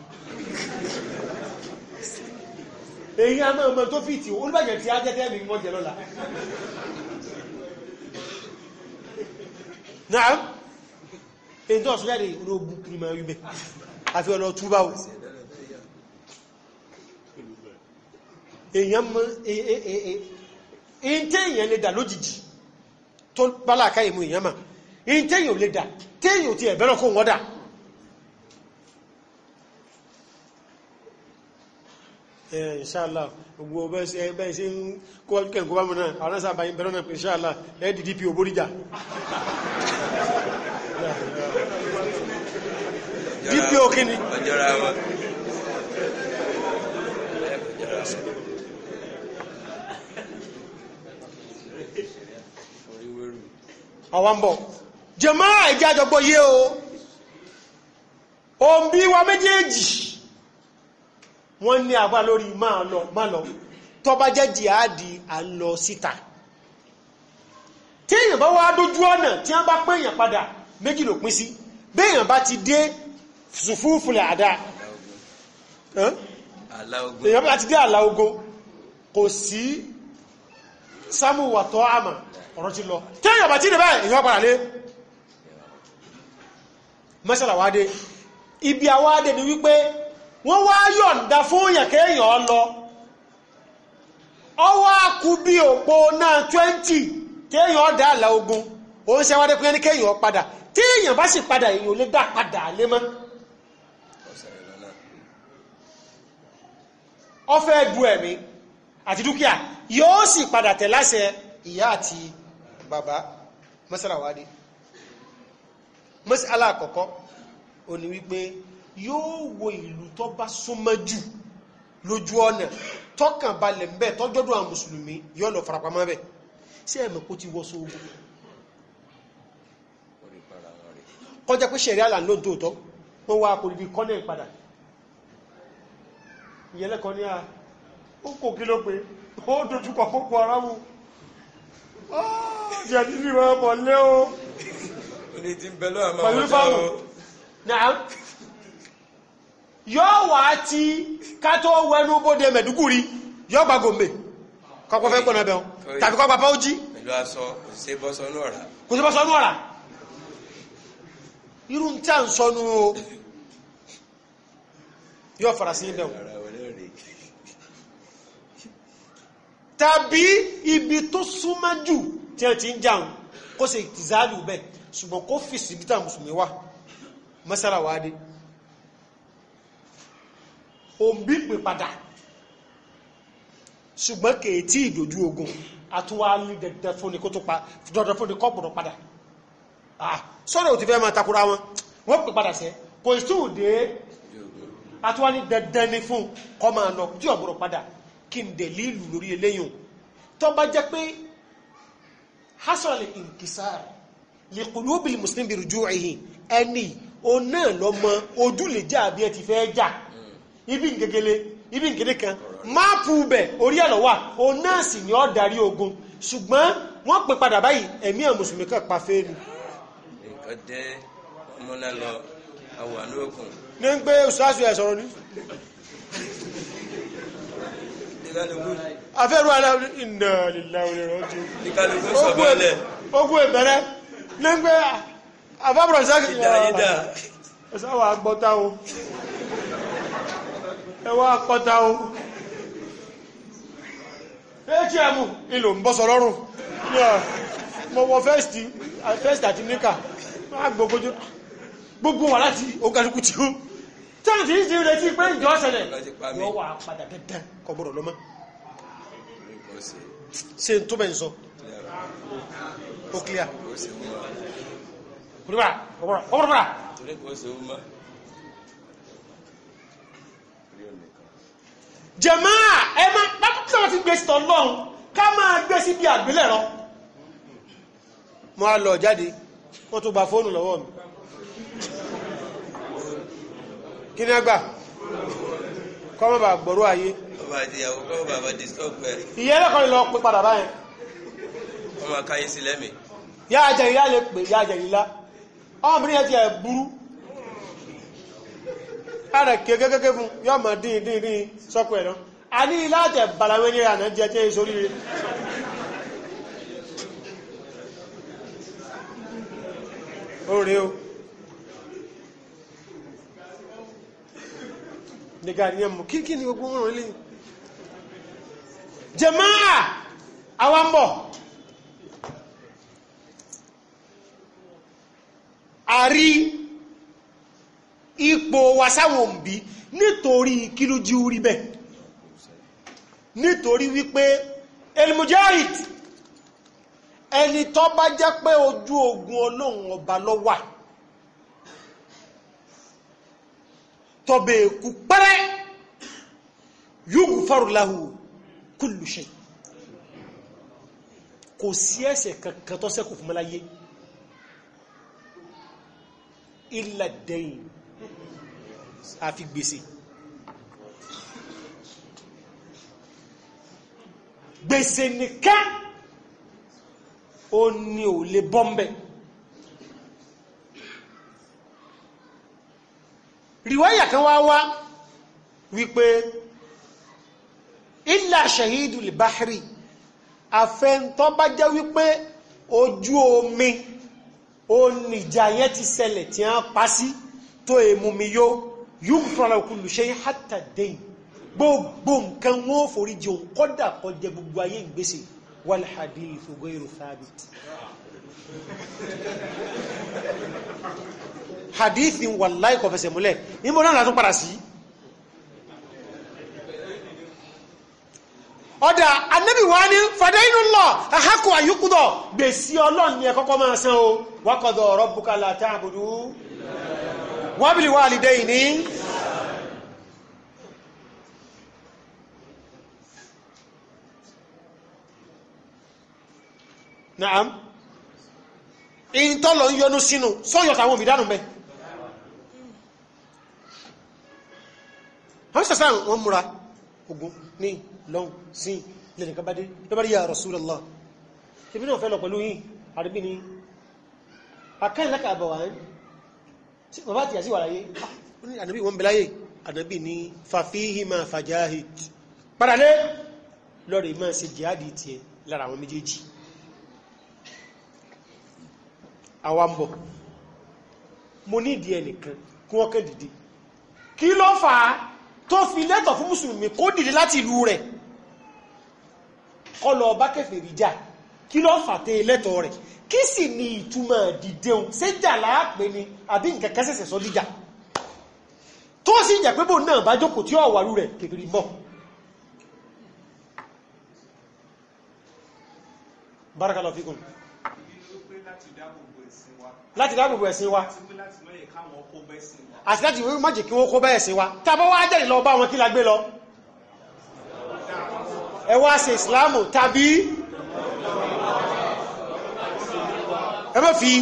èyí a máa mọ tó fìtì olúbàjẹ́ tí a jẹ́ tẹ́ẹ̀mì mọ́ jẹ lọ́la náà èyí tó ọ̀sùn jáde olórí búkú ni máa wíbẹ̀ àfi ọ̀nà túbà o èyí a mọ èyí tẹ́yìn lè dà lójijì tó bálàká ìmú èèyàn mà ní téèyàn lè dà téèyàn ti ẹ̀bẹ̀rẹ̀ kó wọ́n dà inshallah gbogbo ẹgbẹ́ ṣe ń kó kẹ́kọ̀ọ́ bá mọ̀ náà àwọn sábà yín bẹ̀rẹ̀ náà inshallah lẹ́ẹ̀dìdí pí òbóríjà [laughs] dípí òkíní ọjọ́ra wọn àwọn bọ̀ jẹmọ́ ẹ̀jẹ́ àjọgbọ́ yé o òun bí wa méjèèjì wọ́n ní àbá lórí máa lọ máa lọ tó bá jẹ́ jihadi à ń lọ síta tí èèyàn bá wá dójú ọ̀nà tí wọ́n bá pẹ́ èèyàn padà méjì ló pín sí bí èèyàn bá ti dé sùfúfúlẹ̀ àdá èèyàn bá ti dé àlà kò sí sámúwàtọ́ àmà ọ̀rọ̀ ti lọ tẹ́yìn ọ̀bà tí ní báyìí èyàn padà lé mẹ́sàlá wáde ibi àwáde ni wípé wọ́n wá yọ̀nda fún lọ ọwọ́ akú bí òpó náà 20 kéèyàn dá àlà ogun ó ń ṣẹ́wádé pé ní padà tí du ẹ̀mí àti dúkìá yóò sì padà tẹ̀ láṣẹ ìyá àti bàbá mọ́sálà wá dé mọ́sálà àkọ́kọ́ ò yo wípé yóò wo ìlú tó bá súnmọ́ jù lójú ọ̀nà tọkàn balẹ̀ ń bẹ̀ tọ́jọ́dọ̀ àwọn mùsùlùmí yóò lọ farapamọ́ bẹ̀ sí ẹ̀mí kó ti wọ́ sóògùn kọjá pé ṣẹ̀rí àlà ló ń tóòtọ́ wọ́n wá kò níbi kọ́nẹ̀ ìpadà ìyẹlẹ́kọ́ ní a ó kò kí ló pé ó dojúkọ kókó ara mu jẹ̀dí bí wọ́n bọ̀ lé o. oní ti ń bẹ lọ́wọ́ àmọ́ ọjọ́ o. yóò wá ti kátó wẹnu bóde mẹ̀dúgùrì yóò gba gòmè kọ́kọ́ fẹ́ gbọ́nà bẹ́ẹ̀ tàbí kọ́ gba pọ́ọ́jì. pẹ̀lú aṣọ kò sí bọ́sọ́nù ọ̀rá. kò sí bọ́sọ́nù ọ̀rá irú ń tà ń sọnù o yóò fara sí ibẹ̀ wò. tàbí ibi tó súnmọ́ jù tí wọ́n ti ń jàun kó ṣe ìtìzáàlù bẹ́ẹ̀ ṣùgbọ́n kó fi síbi tá mùsùlùmí wà mọ́sára dé òǹbí pè padà ṣùgbọ́n kèétí ìdòdú ogun àtúwálé dandan fún kó tó pa dandan fún ni kọ́ gbọ́dọ̀ padà sọ́dọ̀ ò ti fẹ́ máa takura wọn wọ́n pè padà sẹ́ kò sí òde àtúwálé dandan ni fún kọ́ máa lọ tí ọ̀gbọ̀dọ̀ padà kí n dẹ̀lílù lórí eléyìn tó bá jẹ́ pé hasal inkisar li qulubil muslim bi ruju'ihi ẹni o náà lọ mọ ojú lè jà bí ẹ ti fẹ́ jà ibi ngegele ibi ngede kan máàpù bẹ̀ orí ẹ̀ lọ́wà o náà sì ni ó darí ogun ṣùgbọ́n wọ́n pè padà báyìí ẹ̀mí ẹ̀ mùsùlùmí kan pa fẹ́ẹ́lú. nǹkan dé ọmọ náà lọ àwọn àlọ́ ní ń gbé oṣù àṣù ẹ̀ sọ̀rọ̀ ni afẹ́rù aláwọ̀ iná líláwọ̀ rọ́jò ogun ìbẹ̀rẹ̀ ní pé ah, àfábọ̀rọ̀ sáàkì ìdáyédà ẹ̀sáwà agbọ́ta o ẹwà akọta o atm ìlò ń bọ́sọ̀ lọ́rùn mọ̀ wọ fẹ́ẹ̀sì àti níkà gbogbo wà láti ogun kálukú tí ó tẹ́ǹtì ń ṣe retí pé ìjọ ṣẹlẹ̀ yọ wà padà dandan kò gbọdọ̀ lọ́mọ. ṣe n tó bẹ́ẹ̀ sọ ó clear. kùdùbà ọ̀bọ̀rọ̀ ọ̀bọ̀rọ̀ fara. jàmáà ẹ máa bàbá tí wọ́n ti gbé sí tọ́lọ́run ká máa gbé sí bí àgbélẹ̀rọ. mo á lọ jáde wọ́n tún gba fóònù lọ́wọ́ mi. kí ni àgbà bá ayé. lọ pé padà báyẹn. ọmọ akáyé sí lẹ́mì. yá ara ní gàrí yẹn mú kíkí ní gbogbo oòrùn ilé jẹmáà awambo àrí ipò wasáwọn òǹbí nítorí kílójú rí bẹ́ nítorí wípé elmujahid ẹni tó bá jẹ́ pé ojú ogun ọlọ́run ọba ló wà tọ́bẹ̀ kú pẹ́rẹ́ faru lahu kullu shay kò sí ẹ̀ṣẹ̀ kankan tó ṣẹ́kù fún mẹ́láyé illa dayn àfi gbèsè gbèsè nìkan ó ní ò lè bọ́m̀bẹ̀ riwaya kan wá wá wípé ilà ṣahidu libahri àfẹ́ntọ́ bá jẹ́ wípé ojú omi ó nìjà yẹn ti ṣẹlẹ̀ tí wọ́n pa sí tó èmú mi yó yóò fọ́nà kullu shay hatta dain gbogbo nǹkan wọn ò jẹun kọ́dà kọjẹ gbogbo ayé ìgbésẹ̀ wal hadithu ghayru thabit hadithi wàláì kò fẹsẹ̀ múlẹ̀ níbo náà látún padà sí ọ̀dà anábì wa ní fàdé inú lọ àhákò àyíkúdọ̀ gbèsè ni ẹ kọ́kọ́ máa san o wákọ̀dọ̀ rabbuka la ta'budu wa bil walidayni naam ìntọ́lọ̀ ń yọnu sínú sọ́yọ̀ tàwọn òmìdánù mẹ́ àwọn sàṣà wọn múra ogun ní lọ́hùn sí lẹ́nìí kábádé lọ́bàrí yà Rasulullah ibi náà fẹ́ lọ pẹ̀lú yìí àríbí ni akẹ́lẹ́kà àbọ̀wà ń bàbá àti àti wàlàyé ah, ànábì wọn bẹ̀láyé ànábì ni fàfíhìmà fàjáhìd paradé lọ́rẹ̀ máa ṣe jihadi tiẹ̀ lára àwọn méjèèjì àwa ń bọ̀ mo ní ìdí ẹnìkan kí wọ́n kẹ́ dìde kí ló fà á tó fi lẹ́tọ̀ fún mùsùlùmí kó dìde láti ìlú rẹ̀ kọlọ ọba kèfèrí jà kí ló fàtẹ́ lẹ́tọ̀ rẹ̀ kí sì ni ìtumọ̀ dìdeun ṣé jà láàpẹ́ ni àbí nǹkan kẹsẹ̀sẹ̀ sọ díjà tó sì jẹ́ pé bò náà bá jókòó tí ọ̀wàrú rẹ̀ kèfèrí bọ̀ barakallahu láti dáàbòbò ẹ̀sìn wa àti láti má jẹ́ kí wọ́n kó bẹ́ẹ̀ sí wa tàbí wá jẹ́ ìlọ bá wọn kí la gbé lọ ẹ wá ṣe ìsìláàmù tàbí ẹ má fi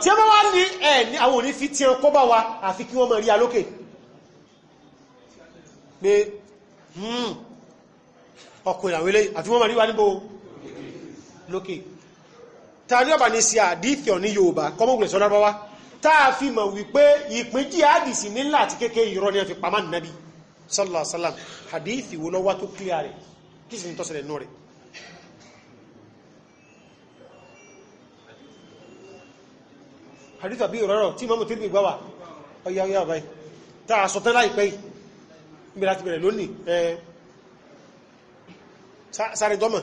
tí ẹ bá wá ní ẹ ní àwọn òní fi tí ẹ kó bá wa àfi kí wọ́n mọ̀ rí alókè pé hmm, ọkùnrin àwọn eléyìí àti wọ́n mọ̀ rí wa níbo lókè. Okay ta ní ọba ní sí àdífẹ́ òní yorùbá kọ́mọ̀gùnlẹ̀ sọ́dá bá tá a fi mọ̀ wípé ìpín jihadi sí nílà àti kéèké ìrọ́ ní a fi nàbí sallallahu alaihi wasallam àdífì wo lọ́wọ́ tó clear rẹ̀ kí sì ní tọ́sẹ̀lẹ̀ nú rẹ̀ àdífì àbí ìrọ̀rọ̀ tí mọ́mù tó bí gbá wà ọya tá a sọ tán láìpẹ́ yìí ìbẹ̀rẹ̀ àti bẹ̀rẹ̀ lónìí sáré dọ́mọ̀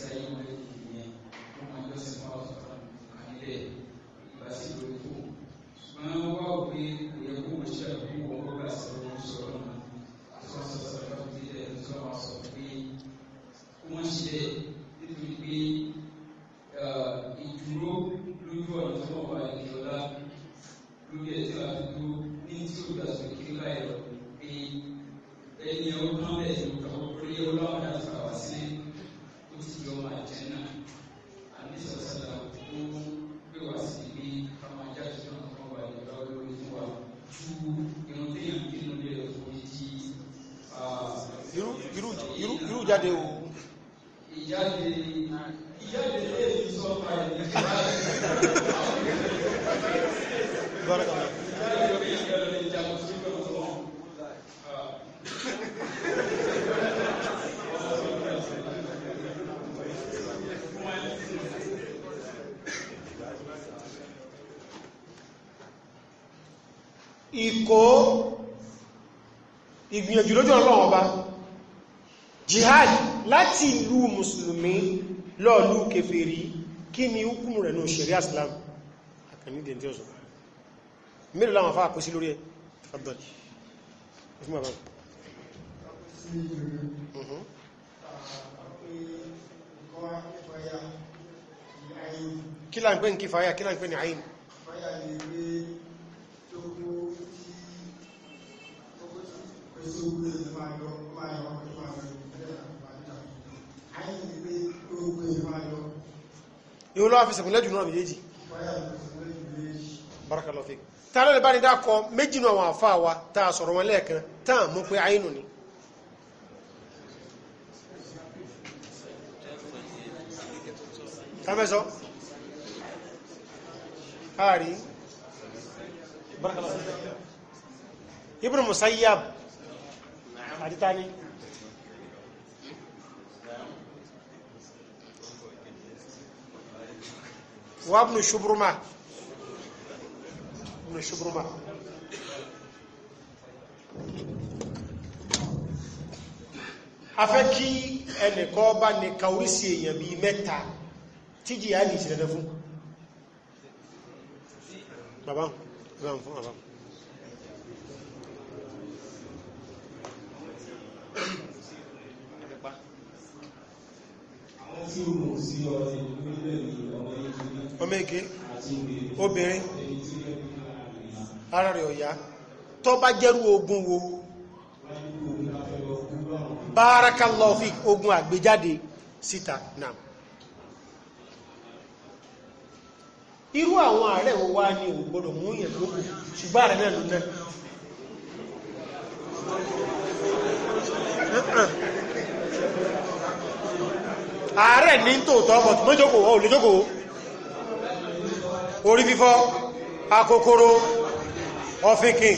sahihi ne kuma ẹjọ́ sì fún àwọn sọ̀rọ̀ ànílẹ̀ ìbásílẹ̀ òkú ṣùgbọ́n o ò pé kò yẹ o wọ́n ṣe àbí wọ́n kó bá sọ̀rọ̀ sọ̀rọ̀ náà tó sọ̀rọ̀ sọ̀rọ̀ ṣẹ̀rí islam àkànnídìí tí ó sọ mélòó láwọn afá àkósí lórí ẹ̀ fàbọ̀n fún bàbá mhm. kí là ń ní kí fàáyà kí là ń ní àyíní ló wá fẹsẹ̀ kúnlẹ̀ jù náà méjèèjì barakallahu fik ta ló lè bá ní dákọ méjì nù àwọn àfa wa tá a sọ̀rọ̀ wọn lẹ́ẹ̀kan tá a mọ̀ pé àyínú ni tàbẹ́sọ́ ààrí barakallahu fik Ibn Musayyab àdítání وابن شبرمة ابن شبرمة afẹ́ kí ẹnìkan bá ní kàwísí èèyàn bíi mẹ́ta tí jìyà ní ìṣẹ̀lẹ̀ fún bàbá bàbá fún bàbá Àwọn tí ọmọ èké obìnrin ara rẹ̀ ọ̀yá tó bá jẹ́rú ogun wo barakallahu fi ogun àgbéjáde síta náà irú àwọn ààrẹ wo wá ní òun gbọdọ̀ mú yẹn lókù ṣùgbọ́n ààrẹ náà ló náà ààrẹ ní tòótọ́ ọmọ tó mọ́jókòó orí fífọ́ akokoro ọ̀fìnkì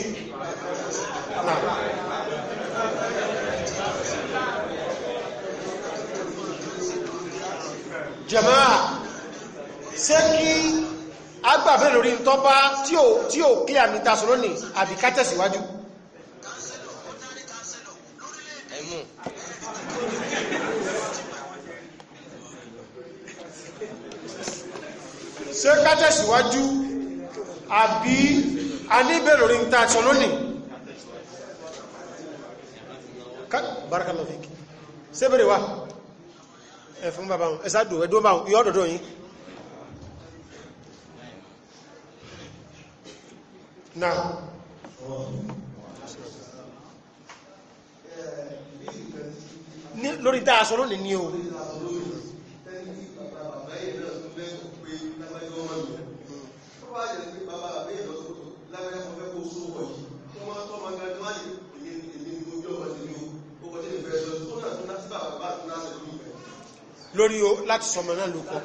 jẹ̀máà ṣé kí agbàfẹ́ lórí tọ́pá tí ò kí àmì tasọ̀rọ̀ ní àbíkátẹ̀síwájú ṣé ká tẹ̀síwájú àbí a ní bẹ̀rẹ̀ lórí ń ta aṣọ lónìí barakallahu fiki ṣé bẹ̀rẹ̀ wá ẹ fún bàbá wọn ẹ̀sà dùn ẹ̀dùn bá wọn yọ́ ọ̀dọ̀dọ̀ yìí náà lórí dáa sọ lónìí ní o pé lágbájọ́ ọmọ mi tó bá jẹ́ pé bàbá àbẹ́ ìlọ́sọ̀tọ̀ lágbájá mo fẹ́ kó sówó yìí tó máa tọ́ máa gbájú máa yìí èyí ni èmi ni ojú ọmọ ti ní o kò tẹ́lẹ̀ fẹ́ sọ tó náà tó láti bàbá bá tó láti lù bẹ̀. lórí o láti sọmọ náà ló kọ.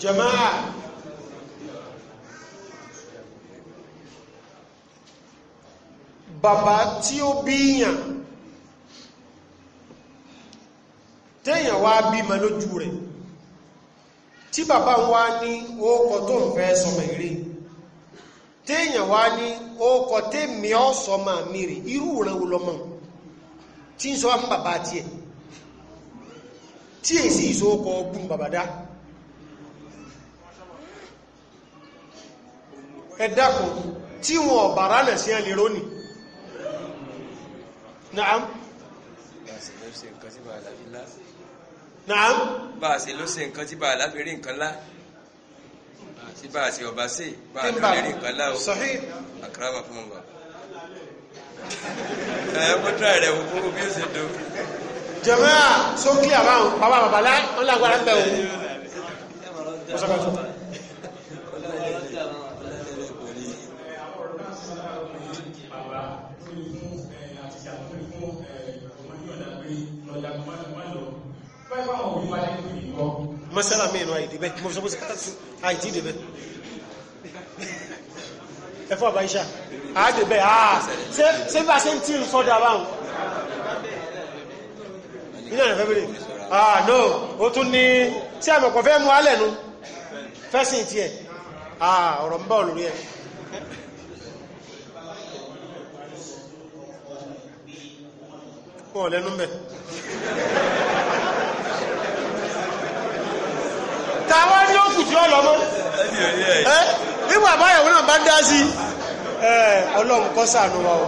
jama'a bàbá tí ó bíyàn téèyàn wá bímọ lójú rẹ̀ tí bàbá wá ní ókọ tó ń fẹ́ sọmọ eré téèyàn wá ní ókọ tèmi ọ́ sọmọ mi rè irú rẹ̀ wo lọ́mọ tí ń sọ wá fún bàbá tiẹ̀ tí èsì ìsókọ ọgbùn bàbádá ẹ̀dàkùn tí wọn ọ̀bàrá nà sí ẹlẹ́rọ́ Naam. Naam. Bá a ṣe ló ṣe nǹkan tí bàálà fi rí nǹkan lá. Tí bá a ṣe ọba sí, bá a lọ rí nǹkan lá o. Sahih. Àkàràmà fún ọba. Ẹ kọ́tà rẹ̀ wò kúrò bí ó ṣe do. Jàmáà sókè àbáwọn bàbá bàbá lá, wọ́n lágbára ń bẹ̀ wò. Mọ̀sọ́kàtún. mọ́sálà mẹ́rin àìdíbẹ̀ àìdíbẹ̀ ẹ̀fọ́ àbá iṣà àádìbẹ̀ àà ṣe bá ṣe ń tí ń sọ́dá báhùn nínú ẹ̀fẹ́ bèèrè àà no ó tún ní tí àmọ̀kọ̀ fẹ́ mú alẹ́nu fẹ́sìn tí ẹ̀ àà ọ̀rọ̀ ń bá olórí ẹ̀ pọ̀ lẹ́nu mẹ́ tàwa ní òkú tí ó lọ mọ́ ẹ nígbà báyàwó náà bá dá sí ẹ ọlọ́run kọ́ ṣàánú wa o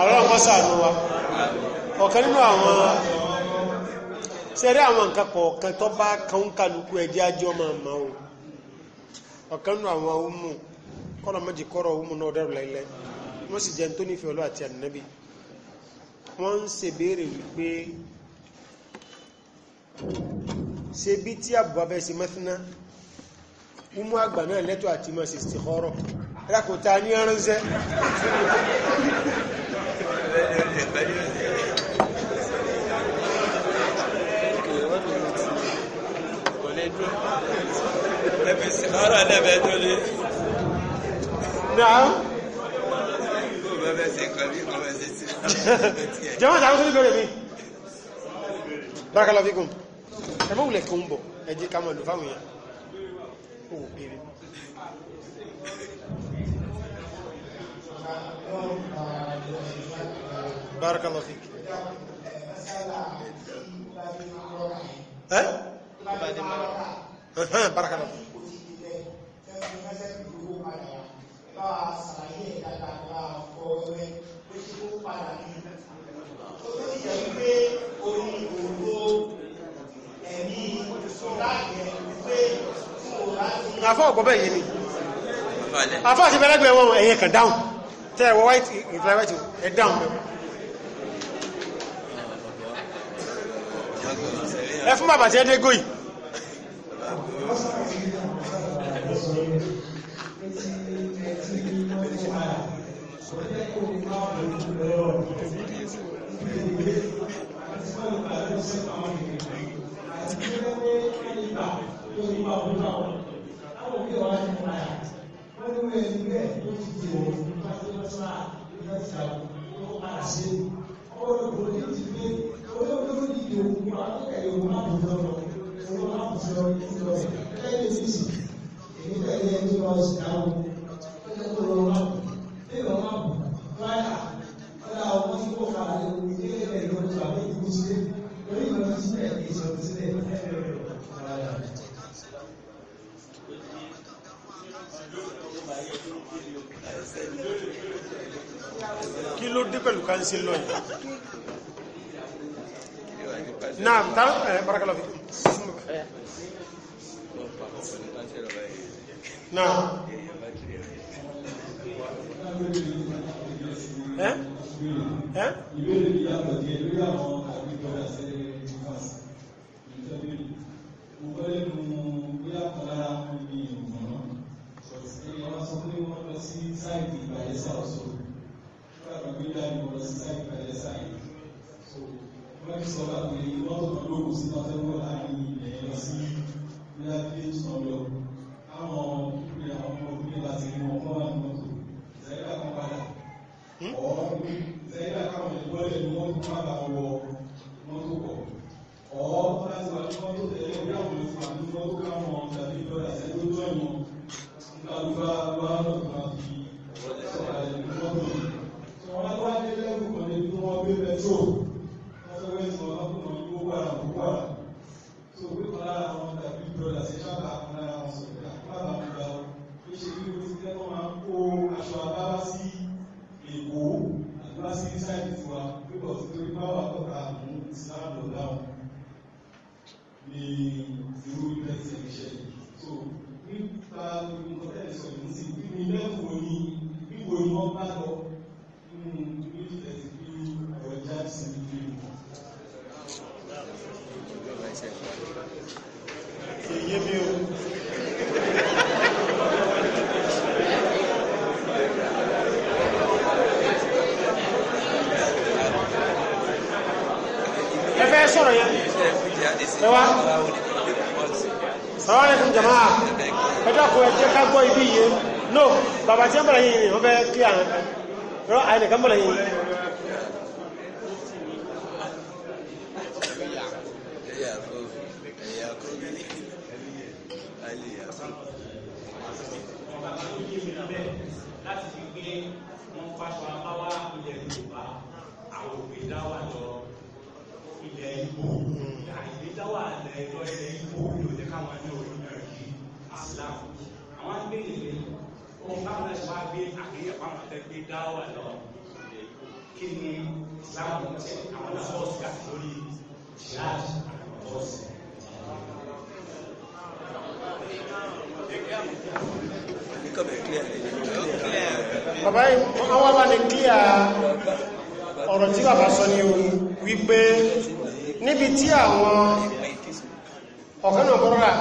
ọlọ́run kọ́ ṣàánú wa ọ̀kan nínú àwọn sẹ́rí àwọn nǹkan kọ̀ọ̀kan tó bá kàúnkàlùkù ẹ̀jẹ̀ ajọ́ máa ma o ọ̀kan nínú àwọn ọmọ kọ́nà méjì kọ́rọ̀ ọmọ náà dẹ́rù láìlẹ́ wọ́n sì jẹ́ tó nífẹ̀ẹ́ ọlọ́ àti ànábì wọ́n ń ṣèbéèrè wípé ṣe bí tí àbúbá fẹ́ ṣe mẹ́fínà umu àgbà náà lẹ́tọ̀ àti mọ́ sí ti kọ́rọ̀ rákòtà ní ọránṣẹ́ jẹ́wọ́n tàbí sí ìbẹ̀rẹ̀ mi bárakàlá fíkún ẹmọ́ wùlẹ̀ kan ń bọ̀ ẹjẹ́ ká mọ̀ lò fáwọn èèyàn ó wò péré barakallahu fik ẹ́ barakallahu fik Thank you ẹ̀mí láàyè pé àfọ́ ọ̀gbọ́bẹ̀ yìí ni àfọ́ àti bẹ́lẹ́gbẹ̀ẹ́ wọn ẹ̀yẹ kan dáhùn tẹ́ ẹ̀wọ́ white reply white ẹ̀ dáhùn bẹ́ẹ̀. ẹ fún bàbá tí ẹ dé góyìí. lẹ́yìn sísì èyí tẹ̀lé ẹni tó lọ sí àwọn tó yẹ kó lọ wá bí wọn wá bọ̀ wáyà ọ̀dà ọmọ tí kò fara lé ilé rẹ̀ ló ń tàbí ìlú sílẹ̀ lórí ìlú sílẹ̀ ìṣòro sílẹ̀ kí ló dé pẹ̀lú káńsí lọ yìí náà tán ẹ̀ bárakàlọ́fì náà ẹ́ ẹ́ bóyá bí sọ̀rọ̀ káwọn ìpínlẹ̀ àwọn ọmọ ìpínlẹ̀ láti rí wọn fọ́nà ní mọ́tò zaira kan padà ọ̀ zaira káwọn ìgbọ́lẹ̀ ni wọ́n fún àbá wọ mọ́tò pọ̀ ọ̀ láti wà ní mọ́tò tẹ̀lé orí àwọn ìfún àti mọ́tò káwọn tàbí lọ́dà sí tó jọ ìmọ̀ nípa lùfà wà lọ́dún àti sọ̀rọ̀ ní mọ́tò tí wọ́n wá dé lẹ́kùn kan ní bí wọ́n gbé pẹ̀tró wọ́n sọ lọ́dà sí sábà lára wọn sọ̀rọ̀ àpáàbà gbogbo àwọn tó ṣe bí o ti tẹ́ wọ́n máa kó aṣọ abára sí èkó àdúrà sí sáìdì tiwa pípọ̀ tí torí báwà tọ́ka mú islam lọ dáhùn ní irú ilẹ̀ tí ẹ̀ ṣe so nípa gbogbo nǹkan tẹ́lẹ̀ sọ yìí Thank you èyí mi o ẹ fẹ́ sọ̀rọ̀ o ẹ wá sọ̀rọ̀ lẹ́kùn jama ẹ dákun ẹ jẹ́ ká gbọ́ ibi yìí no bàbá tí wọ́n bọ̀rọ̀ yìí wọ́n fẹ́ kí àwọn ẹ̀rọ àìlẹ̀kẹ́ bọ̀rọ̀ yìí faṣọ abáwá ilẹ̀ yorùbá àwọn ògbédá wà lọ ilẹ̀ ibo àìgbédá wà lọ ilẹ̀ ibo ló jẹ́ káwọn ní orí náà yí islam àwọn agbèrè rẹ̀ wọn bá wọn ṣe wá gbé àgbéyẹ̀ pàmò tẹ́gbé dá wà lọ kí ni islam ti àwọn náà àti lórí jihad àti bọ́ọ̀sì bàbá àwọn wà ní kíyà ọ̀rọ̀ tí bàbá sọ ní ohun wípé níbi tí àwọn ọ̀kánà bọ́rọ̀lá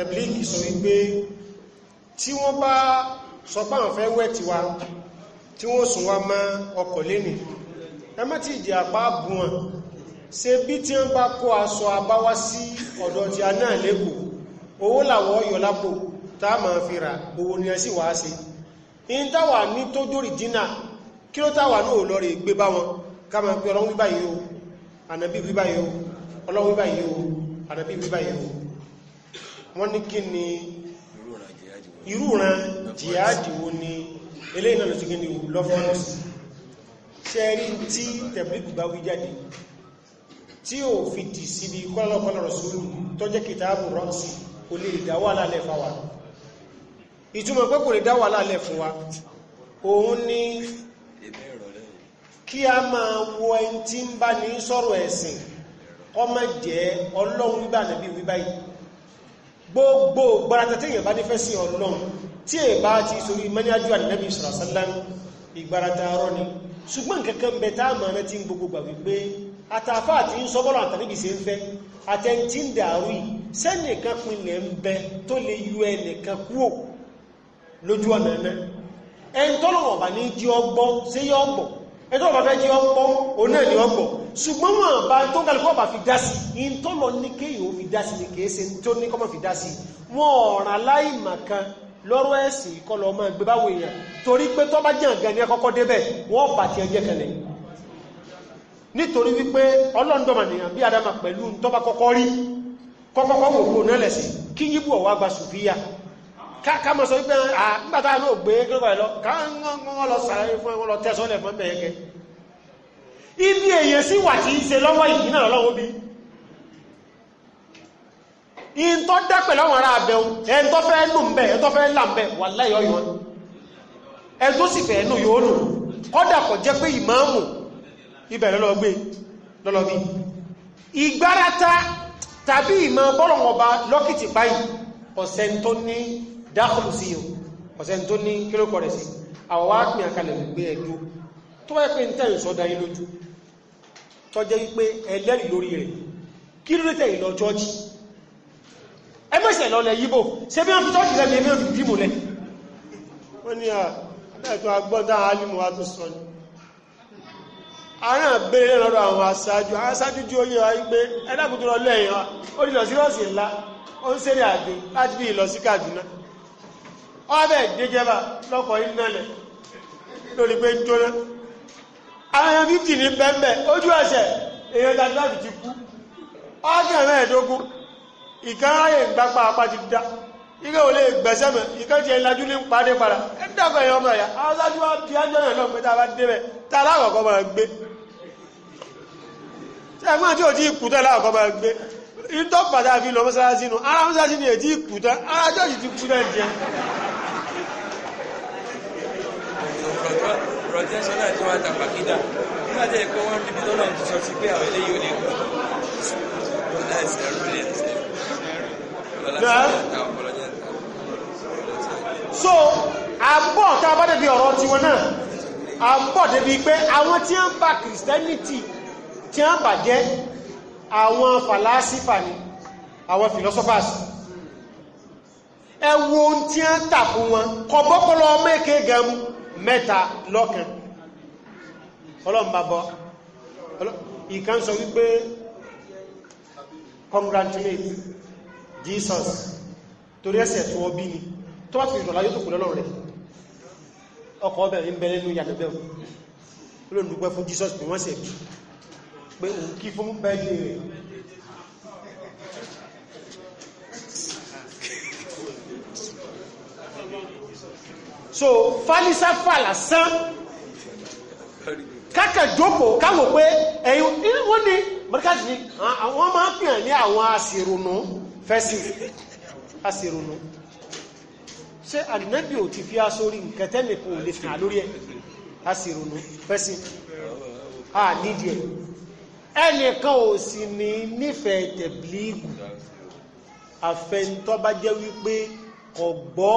ẹ̀blíkì sọ wípé tí wọ́n bá sọ pé àwọn fẹ́ wẹ̀ tiwa tí wọ́n sùn wá mọ́ ọkọ̀ lẹ́nì ẹmọ́ tí ìdí àpá bù wọn ṣe bí tí wọ́n bá kó aṣọ àbáwá sí ọ̀dọ̀ tí a náà lẹ́kọ̀ọ́ owó làwọ̀ ọ̀yọ́ lápò táàmà fi rà owó ní ẹsí wá sí in táwà ní tó dórí dínà kí ló táwà náà lọ rí gbé bá wọn káàmà pé ọlọ́run wíbá yìí o ànàbí wíbá yìí o ọlọ́run wíbá o ànàbí wíbá o wọ́n ní kí ni ìrúran jihadi wo ni eléyìí náà lọ sí kí ni lọ́fọ́nọ́sì ṣẹ́rí tí tẹ̀blíkù bá wí jáde tí ò fi dì síbi kọ́lọ́kọ́lọ́ rọ̀sùlù tọ́jẹ́ kìtàbù rọ́ọ̀sì olè ìdáwà lálẹ́ ìtumọ̀ pé kò lè dá fún wa òun ni kí a máa wọ ẹni tí ń bá ní sọ̀rọ̀ ẹ̀sìn ọmọ jẹ́ ọlọ́run wíbà nàbí wíbà yìí gbogbo gbárata tí èyàn bá nífẹ́ sí ọlọ́run tí è bá ti sórí mẹ́niájú ànìyàn ìṣàṣálán ìgbárata arọ́ ni ṣùgbọ́n kẹ́kẹ́ ń bẹ tá àmà rẹ ti ń gbogbo gbà wípé àtàfà àti ń sọ́bọ́rọ̀ àtàníbì sí ń fẹ́ àtẹntí ń dàrú yìí sẹ́nìkan pinlẹ̀ ń bẹ tó lè yú ẹnìkan kúò lójú ọ̀nà ẹ̀mẹ́ ẹni tọ́lọ̀wọ̀ bá ní jí ọgbọ́ sí yọ ọgbọ̀ ẹni tọ́lọ̀wọ̀ fẹ́ jí ọgbọ́ òun náà ní ọgbọ̀ ṣùgbọ́n wọn bá tó ń kálukọ́ bá fi dá sí in tọ́lọ̀ ní kéèyàn fi dá sí ni kèé ṣe tó ní kọ́mọ̀ fi dá sí wọn ọ̀ràn aláìmọ̀kan lọ́rọ̀ ẹ̀sìn ìkọlọ̀ ọmọ ẹgbẹ́ báwo èèyàn torí pé tọ́ bá jẹ́ ǹgan ní ẹkọ́kọ́ débẹ̀ wọ́n bà ti ẹjẹ́ kẹlẹ̀ nítorí wípé ọlọ́ndọ̀mọ̀nìyàn bí adama pẹ̀lú tọ́ bá kọ́kọ́ rí kọ́kọ́kọ́ wò ó nẹ́lẹ̀ sí kí yíbù ọ̀wá gba sùfíyà ká mọ̀ sọ wípé à nígbà táwọn náà gbé kílókọ̀ ẹ̀ lọ káwọn lọ sàárè fún ẹwọn lọ tẹ́ sọ́lẹ̀ fún ẹbẹ̀ ẹ̀kẹ́ ibi èyàn sí wà tí í ṣe lọ́wọ́ yìí náà lọ́wọ́ bí in tó dápẹ̀ lọ́wọ́ ara abẹ́un ẹn tó fẹ́ nù mbẹ́ ẹn tó fẹ́ là mbẹ́ wà láyọ̀ yọ ẹn tó sì fẹ́ nù yóò nù kọ́dà kọ̀ jẹ́ pé ìmáàmù ibẹ̀ lọ́lọ́gbé lọ́lọ́bí ìgbárata tàbí ìmọ̀ bọ́lọ̀ ọba lọ́kìtì báyìí ọ̀sẹ̀ tó ní dákùlù sí o ọ̀sẹ̀ tó ní kílókọ̀ rẹ̀ sí àwọn wá pín àkàlẹ̀ wípé ẹjọ́ tó wáyé pé ń tẹ́ ìsọ́dá yí lójú tó jẹ́ wípé ẹlẹ́rìí lórí rẹ̀ kí ló tẹ́ ìlọ chọ́ọ̀chì ẹ mẹ́sẹ̀ lọ lẹ yíbò ṣe bí wọ́n fi chọ́ọ̀chì lẹ́gbẹ̀ẹ́ mi ò fi dìmù lẹ wọ́n ní àtọ́ agbọ́dá alimu wa tó sọ ni àárín àbẹ̀rẹ̀ lọ́dọ̀ àwọn aṣáájú aṣáájú tí ó yẹ wa pé ẹ̀dàkùn tó lọ lẹ́yìn ó ní lọ sí ọ̀sìn ńlá ó ń ṣeré àjò láti bí ìlọ sí ọbẹ̀ ìdíjẹba lọ́kọ̀ ìnálẹ̀ lórí pé ń jóná àwọn èèyàn fífì ní bẹ́ẹ̀bẹ́ ojú ẹsẹ̀ èèyàn tàbí ti kú ọ́gẹ̀ mẹ́ẹ̀ẹ́dógún ìkáráyè ìgbápá apá ti dá ike ò lè gbẹ̀sẹ̀ mọ̀ ike ti ẹ̀lájú ní pàdé padà ẹ̀ dàgbà èèyàn ọmọ ẹ̀yà àwọn sáájú wa bí ájọ́ náà lọ́mọ tá a bá débẹ̀ tá a láwọ̀ kọ́ máa gbé ṣe ẹ̀gbọ́n àti òtí ìkùtẹ́ láwọ̀ kọ́ máa gbé ìtọ́ pàtàkì lọ mọ́sálásí nu ara mọ́sálásí ni ètí ìkùtẹ́ ara jọ́ọ̀jì ti kú náà jẹ́ ọ̀rọ̀ tí ẹ̀sọ́ náà tí wọ́n ta pàkídà nígbà tí ẹ̀kọ́ wọn níbi tọ́nà ti sọ sí pé àwọn eléyìí ò lè gbọ́ ọ̀la ẹ̀sẹ̀ rúlẹ̀ ẹ̀sẹ̀ so àbọ̀ tá a bá débi ọ̀rọ̀ tiwọn náà àbọ̀ débi pé àwọn tí ń ba Christianity tí ń bàjẹ́ àwọn fàlásífà ni àwọn philosophers ẹ wo ohun tí ń tàkùn wọn kọ bọ́pọ̀lọ ọmọ èké gan mu mẹ́ta lọ́kàn ọlọ́mbàbọ́ ìkan sọ wípé congratulate Jesus torí ẹsẹ̀ tó ọ bí ni tó bá ti rọ̀lá yóò tó kù lọ́lọ́ rẹ̀ ọkọ̀ ọbẹ̀ ń bẹ lẹ́nu yàgbẹ́ olóòdùgbẹ́ fún Jesus pé wọ́n sẹ̀ pé òun kí fún bẹ́ẹ̀ so falisafa lásán kákàjókòó káwò pé ẹ̀yìn wọ́n ní mọ́ríkàtì ní àwọn máa ń pìyàn ní àwọn àṣìrònú fẹ́sì àṣìrònú ṣé àdínẹ́bì ò ti fi á sórí nǹkan tẹ́nìkan ò lè fi hàn lórí ẹ̀ a fẹ́sì à nídìí ẹ̀ ẹnìkan ò sì ní nífẹ̀ẹ́ tẹ̀blíìgù àfẹ́ntọ́ bá jẹ́ wípé kò gbọ́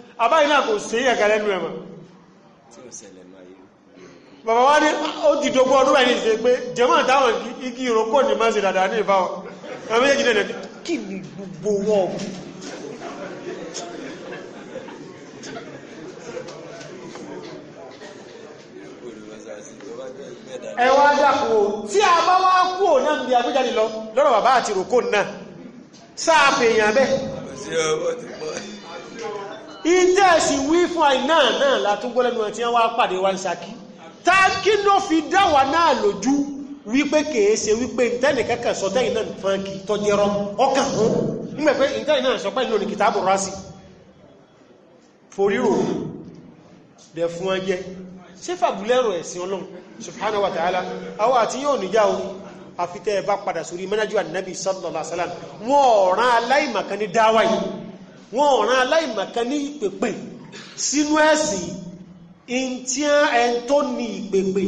àbáyìí náà kò sí ẹ̀kà lẹ́nu ẹ̀mọ̀ bàbá wá ní ó ti dogbó ọdún ẹni ṣe pé jẹmọ́ táwọn igi ìrókò ní máa ṣe dàdà ní ìbáwọ̀ ẹ̀mọ́ yẹ́ jìnà ẹ̀dẹ̀ kí ni gbogbo wọn ẹwà dàpọ̀ tí a bá wá kú ò náà bí agbéjáde lọ lọ́rọ̀ bàbá àti ìrókò náà sáà pèèyàn bẹ́ẹ̀ ìtẹ́ ẹ̀sìn wí fún àì náà náà látúgbọ́ lẹ́nu ẹ̀ tí wọ́n wá pàdé wá ń sakí táǹkì ló fi dá wa náà lójú wípé kèé ṣe wípé ìtẹ́nì kẹ́kẹ́ sọ tẹ́yìn náà fún kì í tọ́jú ẹrọ ọkàn fún nígbà pé ìtẹ́nì náà sọ pé ìlú nìkìtà àbúrò sí foríro dẹ̀ fún ẹ jẹ́ ṣé fàbúlẹ́rọ ẹ̀sìn ọlọ́run subhanahu wa ta'ala àwọn àti yóò níjà o àfitẹ́ ẹ bá padà sórí mẹ́nájú ànábì sallallahu alaihi wasallam wọn ọ̀ràn aláìmọ̀kan ní dáwà yìí wọn ò rán aláìmọ̀kan ní ìpèpè sínú ẹ̀sìn ìntíà ẹn tó ní ìpèpè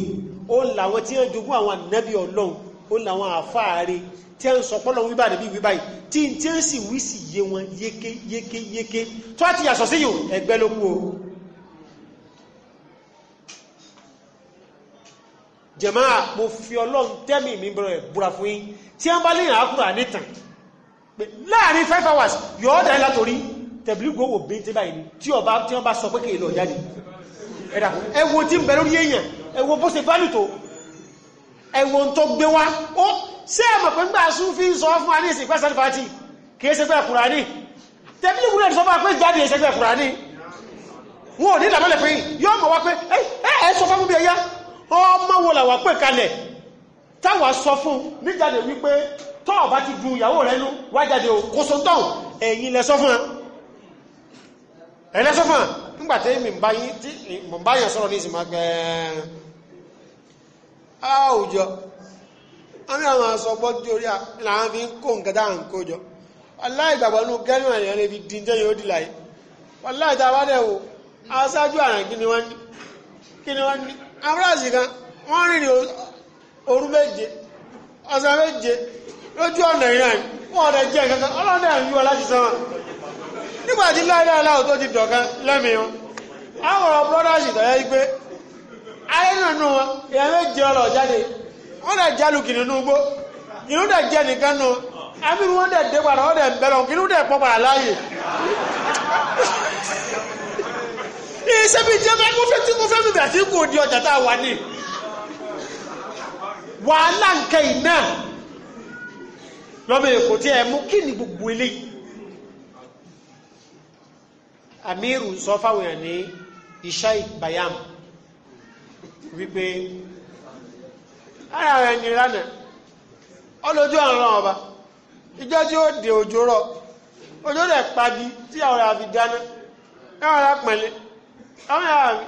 ó làwọn tí wọ́n jogún àwọn ànábì ọlọ́run ó làwọn àfáàrí tí wọ́n sọ pọ́lọ́ wíbà níbi wíbà yìí tí tí wọ́n sì wí sí yé wọn yéké yéké yéké tó àti yàsọ̀ sí yòó ẹgbẹ́ ló kú o. jẹ̀máà mo fi ọlọ́run tẹ́mì mi bẹ̀rẹ̀ búra fún yín tí wọ́n bá léyìn àkùrà nìtàn láàrin five hours yọ̀ọ́ dá ẹ látòrí tẹ̀blígò wò bí tí báyìí tí ọba tí wọ́n bá sọ pé kí ìlọ jáde ẹ̀dà ẹwọ tí ń bẹ lórí èèyàn ẹwọ bó ṣe fálù tó ẹwọ ń tó gbé wá ó ṣé ẹ̀mọ̀ pé ńgbà sún fi ń sọ fún wa ní ìsìn pẹ́sẹ̀ fàtì kì í ṣe pé Kùránì tẹ̀blígò náà sọ fún wa pé jáde ìṣe pé Kùránì wọn ò ní ìlànà lẹ́pẹ́ yóò mọ̀ wá pé ẹ ẹ sọ fún mi ẹ̀yà ọmọ wo làwà pè kalẹ̀ táwa sọ fún níjàde wípé tọ́ọ̀ bá ti du ìyàwó rẹ nú wájáde ò kó so tán ẹ̀yìn lẹ sọ fún wa ẹlẹ́sọ́fà nígbàtí mi ń báyàn ní ìsìnmá gbẹ̀ẹ́rẹ̀ àwùjọ àmì àwọn asọ́gbọ́ tí orí àwọn fi ń kó nǹkan dáhùn kójọ aláìgbàgbọ́ inú gẹ́rù àyàn lè fi díjẹ́ yóò dì láyé aláìta bá dẹ̀ wò aṣáájú ní ní kan rìn méje méje lójú ọ̀nà ìrìn nígbàtí láìláìláà tó ti dọ̀kan lẹ́mìíràn àwọn ọ̀rọ̀ brọ́dásì tọ́yẹ́ ayé nínú wọn ìyá méje jáde wọ́n dẹ̀ jálù gbó dẹ̀ jẹ́ nìkan nù amínú wọn dẹ̀ dé padà dẹ̀ ń bẹ̀rẹ̀ dẹ̀ pọ̀ padà láàyè bíi jẹ́ mo fẹ́ tí mo ọjà tá a wà ní. wàhálà nkẹ́yìn náà lọ́mọ èkó tí ẹ Amiru sọ fáwọn èèyàn ishai bayam wípé ara rẹ̀ ní ìlànà ọlójú àrùn ọba ìjọ tí ó dé òjò rọ òjò rẹ̀ pagi tí àwọn ará fi dáná káwọn ará pẹ̀lẹ́ àwọn ará mi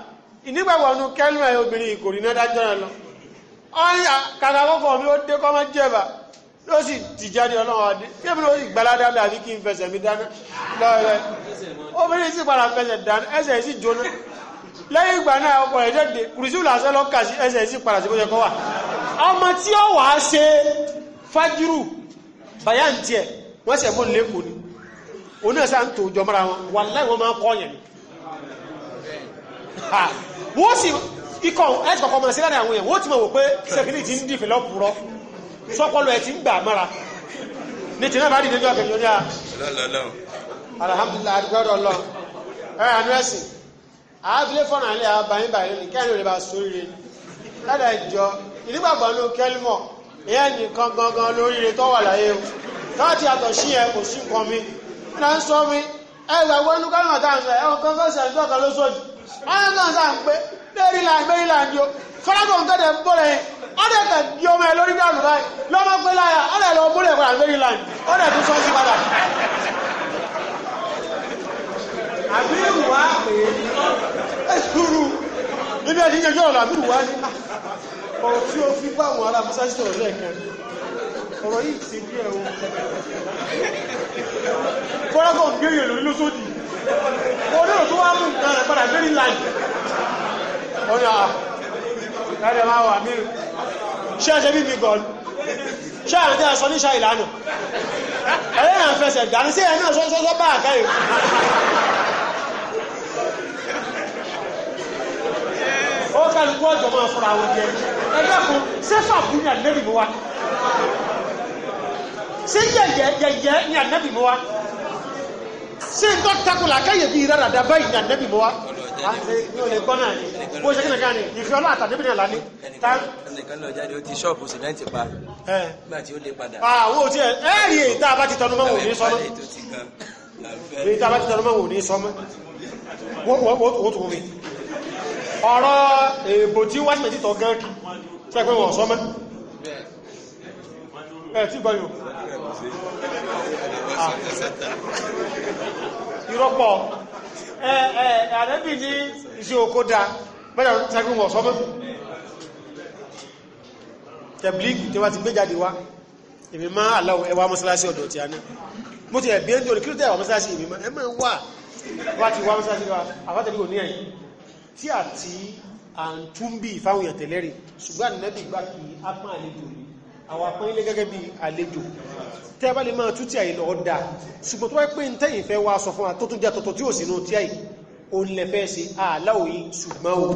ìnígbàgbọ́ ọdún kẹ́lú ẹ̀ obìnrin ìkòrí náà dájọ́ rẹ̀ lọ ọ̀rìn kàkà kọ́kọ́ mi ó dé kọ́ mọ́ ló sì tìjáde ọlọ́run adé bí èmi ló sì gbalada dàbí kí n fẹsẹ̀ mi dáná lọ́rẹ́ obìnrin sì padà fẹsẹ̀ dáná ẹsẹ̀ sì jóná lẹ́yìn ìgbà náà ọkọ̀ rẹ̀ dẹ́dẹ̀ kùrìsì làṣẹ lọ́kà sí ẹsẹ̀ sì padà sí bóyá kọ́ wà ọmọ tí ó wàá ṣe fájírù bàyá ń tiẹ̀ wọ́n ṣẹ̀ mú lẹ́kọ̀ọ́ ni òun náà sá ń tò jọ mọ́ra wọn wà láì wọ́n máa ń kọ́ yẹn ni wọ́n sì ikọ̀ ẹ̀sìn kọ̀ọ̀kan mọ̀ sí láàrin àwọn èèyàn wọ́n ti mọ̀ wò pé sọ́pọ̀lọ̀ ẹ̀ ti ń gbà mọ́ra ní tí náà bá dìde ní ọ̀kẹ́ yóò ní à alhamdulilayi adúgbò ọlọ́run ẹ̀ àánú ẹ̀sìn àádúlé fọ́nà ilé àbáyín báyìí lónìí kẹ́rin ò lè bá sóríire ládàá ìjọ ìnígbàgbọ́ ní kẹ́límọ̀ ìyẹn nìkan gangan lóríire tó wà láyé o káàtì àtọ̀ sí ẹ kò sí nǹkan mi náà ń sọ mi ẹ gbàgbọ́ inú kálímọ̀ táwọn ẹ̀ ẹ̀ ọ̀kan fẹ́sẹ̀ ẹ̀ ń tọ́ka lóṣooṣù ẹ̀ ń tọ́ka sáà ń pé bẹ́ẹ̀rì láàrín bẹ́ẹ̀rì láàrín fọlágbọ̀n tẹ́lẹ̀ ń bọ́lẹ̀ ọ̀dẹ̀ tẹ̀ di ọmọ ẹ lórí dànù báyìí lọ́mọ pé láyà ọ̀dẹ̀ lọ múlẹ̀ padà lórí láyìn ọ̀dẹ̀ tó sọ́ọ́sì padà. àbí ìwà ẹ sùúrù níbi ẹni yẹn yọ̀rọ̀ àbí ìwà ni ọ̀rọ̀ tí o fi bá àwọn ará musa sọ̀rọ̀ lẹ́ẹ̀kan ọ̀rọ̀ yìí ti bí ẹ̀ o fọlágbọ̀n gbé yẹn lórí lóṣòdì ọ̀dẹ̀ tó wá mú nǹkan rẹ̀ padà lórí láyìn ọ̀yà láti ọmọ àwọn àmì ṣé ẹ ṣe bí mi gọ̀ọ́lù ṣé àwọn tí a sọ níṣà ìlànà ẹlẹ́yìn àfẹsẹ̀ dání sí ẹ̀ náà sọ́sọ́sọ́ bá àkáyè. ó kálukú ọ̀jọ̀ máa fura àwọn jẹ ẹgbẹ́ kan sẹ́fà kú ní àdínẹ́bì mi wá sí yẹ̀yẹ̀ yẹ̀yẹ̀ ní àdínẹ́bì mi wá sí ń tọ́ takùlà káyè bí rárá dábàá yìí ní àdínẹ́bì mi wá ní olè gbọ́nà ni bó ṣe kíni káni ìfẹ́ ọlọ́ àtàdébìnrin àlá ni. ẹnìkan lọ jáde ó ti ṣọ́ọ̀bù sìmẹ́ǹtì pa nígbà tí ó lè padà. àwọn ò tiẹ̀ ẹ́ rí èyí tá a bá ti tọnu mọ́ wò ní sọ́mọ́ èyí tá a bá ti tọnu mọ́ wò ní sọ́mọ́ wò tó mi. ọ̀rọ̀ èèbò tí wọ́n ti tọ̀ gan kí ṣe pé wọ́n sọ́mọ́ ẹ̀ tí gbọ́ yòó ah. irọ́pọ̀ àdẹ́bì ní iṣẹ́ òkó dá mẹ́ta sẹ́gun wọ̀ sọ́mọ́ tẹ̀blígì tí wá ti gbé jáde wá èmi máa aláwọ̀ ẹwà mọ́sálásí ọ̀dọ̀ tí a ní mo ti ẹ̀bí ẹjọ́ kí ló tẹ́ ẹwà mọ́sálásí èmi máa ẹmọ́ ti wá mọ́sálásí wa àfátẹ́lú kò ní ẹ̀yìn tí àti à ń tún bí ìfáwọn èèyàn tẹ̀lẹ́rì ṣùgbọ́n ànẹ́bì gbá kí á pán àwọn apọ́nilé gẹ́gẹ́ bí àlejò tẹ́ bá lè máa tú tí àyè lọ dáa ṣùgbọ́n tó wáyé pé ní tẹ́yìn fẹ́ wá sọ fún àtótún jẹ́ tọ̀tọ̀ tí ò sínú tí àyè o ń lẹ́fẹ́ sí àláòyí ṣùgbọ́n o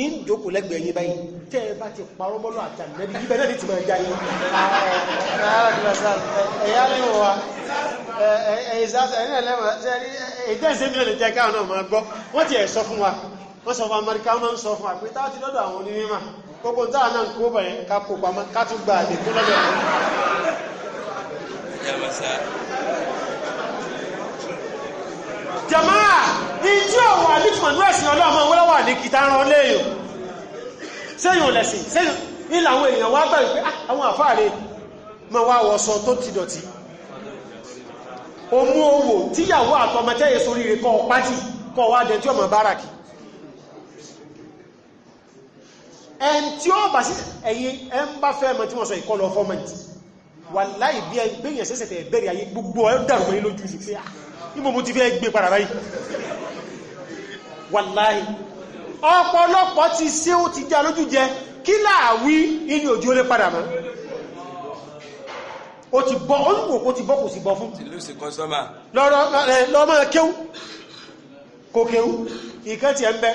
ń jókòó lẹ́gbẹ̀ẹ́ yín báyìí tẹ́ bá ti parọ́ mọ́lọ́ àtàlẹ́bí ibẹ̀ náà ti máa já yín ẹ̀yà lè wà ẹ̀yìnsáṣẹ́ ẹ̀yìn gbogbo tá a náà ń kó bẹ̀rẹ̀ ká kó pamọ́ ká tún gba àdékún lọ́dọ̀ rẹ̀. jamaa ìjọ wà ní tùmọ̀nú ẹ̀sìn ọlọ́mọ wọ́n wà ní kìtà ran léèyàn sẹ́yìn ò lẹ̀sìn sẹ́yìn ní làwọn èèyàn wá gbà wípé ah, àwọn àfáàrẹ ma wá wọ́sọ tó ti dọ̀tí o owó tíyàwó àtọmọtẹ́yẹ sórí rẹ̀ kọ́ pátì kọ́ wá dẹ̀ tí ọmọ báràkì ẹn tí ó bá sí ẹ̀yìn ẹn bá fẹ́ mọ̀ tí wọ́n sọ ìkọlù ọfọ́mọ̀tì wà láì bí ẹgbẹ́yìn ṣẹ́sẹ̀ tẹ̀ bẹ̀rẹ̀ ayé gbogbo ẹ̀ dàrú mọ́ ilójú sí ìmọ̀ ah, mo ti fẹ́ gbé padà báyìí wà láì ọ̀pọ̀lọpọ̀ ti ṣe ó ti já lójú jẹ kí láàwí inú òjú ó lé padà mọ́ ó ti bọ́ ó ń wò kó ti bọ́ kò sí bọ́ fún lọ́mọ kéwú ìkẹ́ ti ẹ̀ ń bẹ́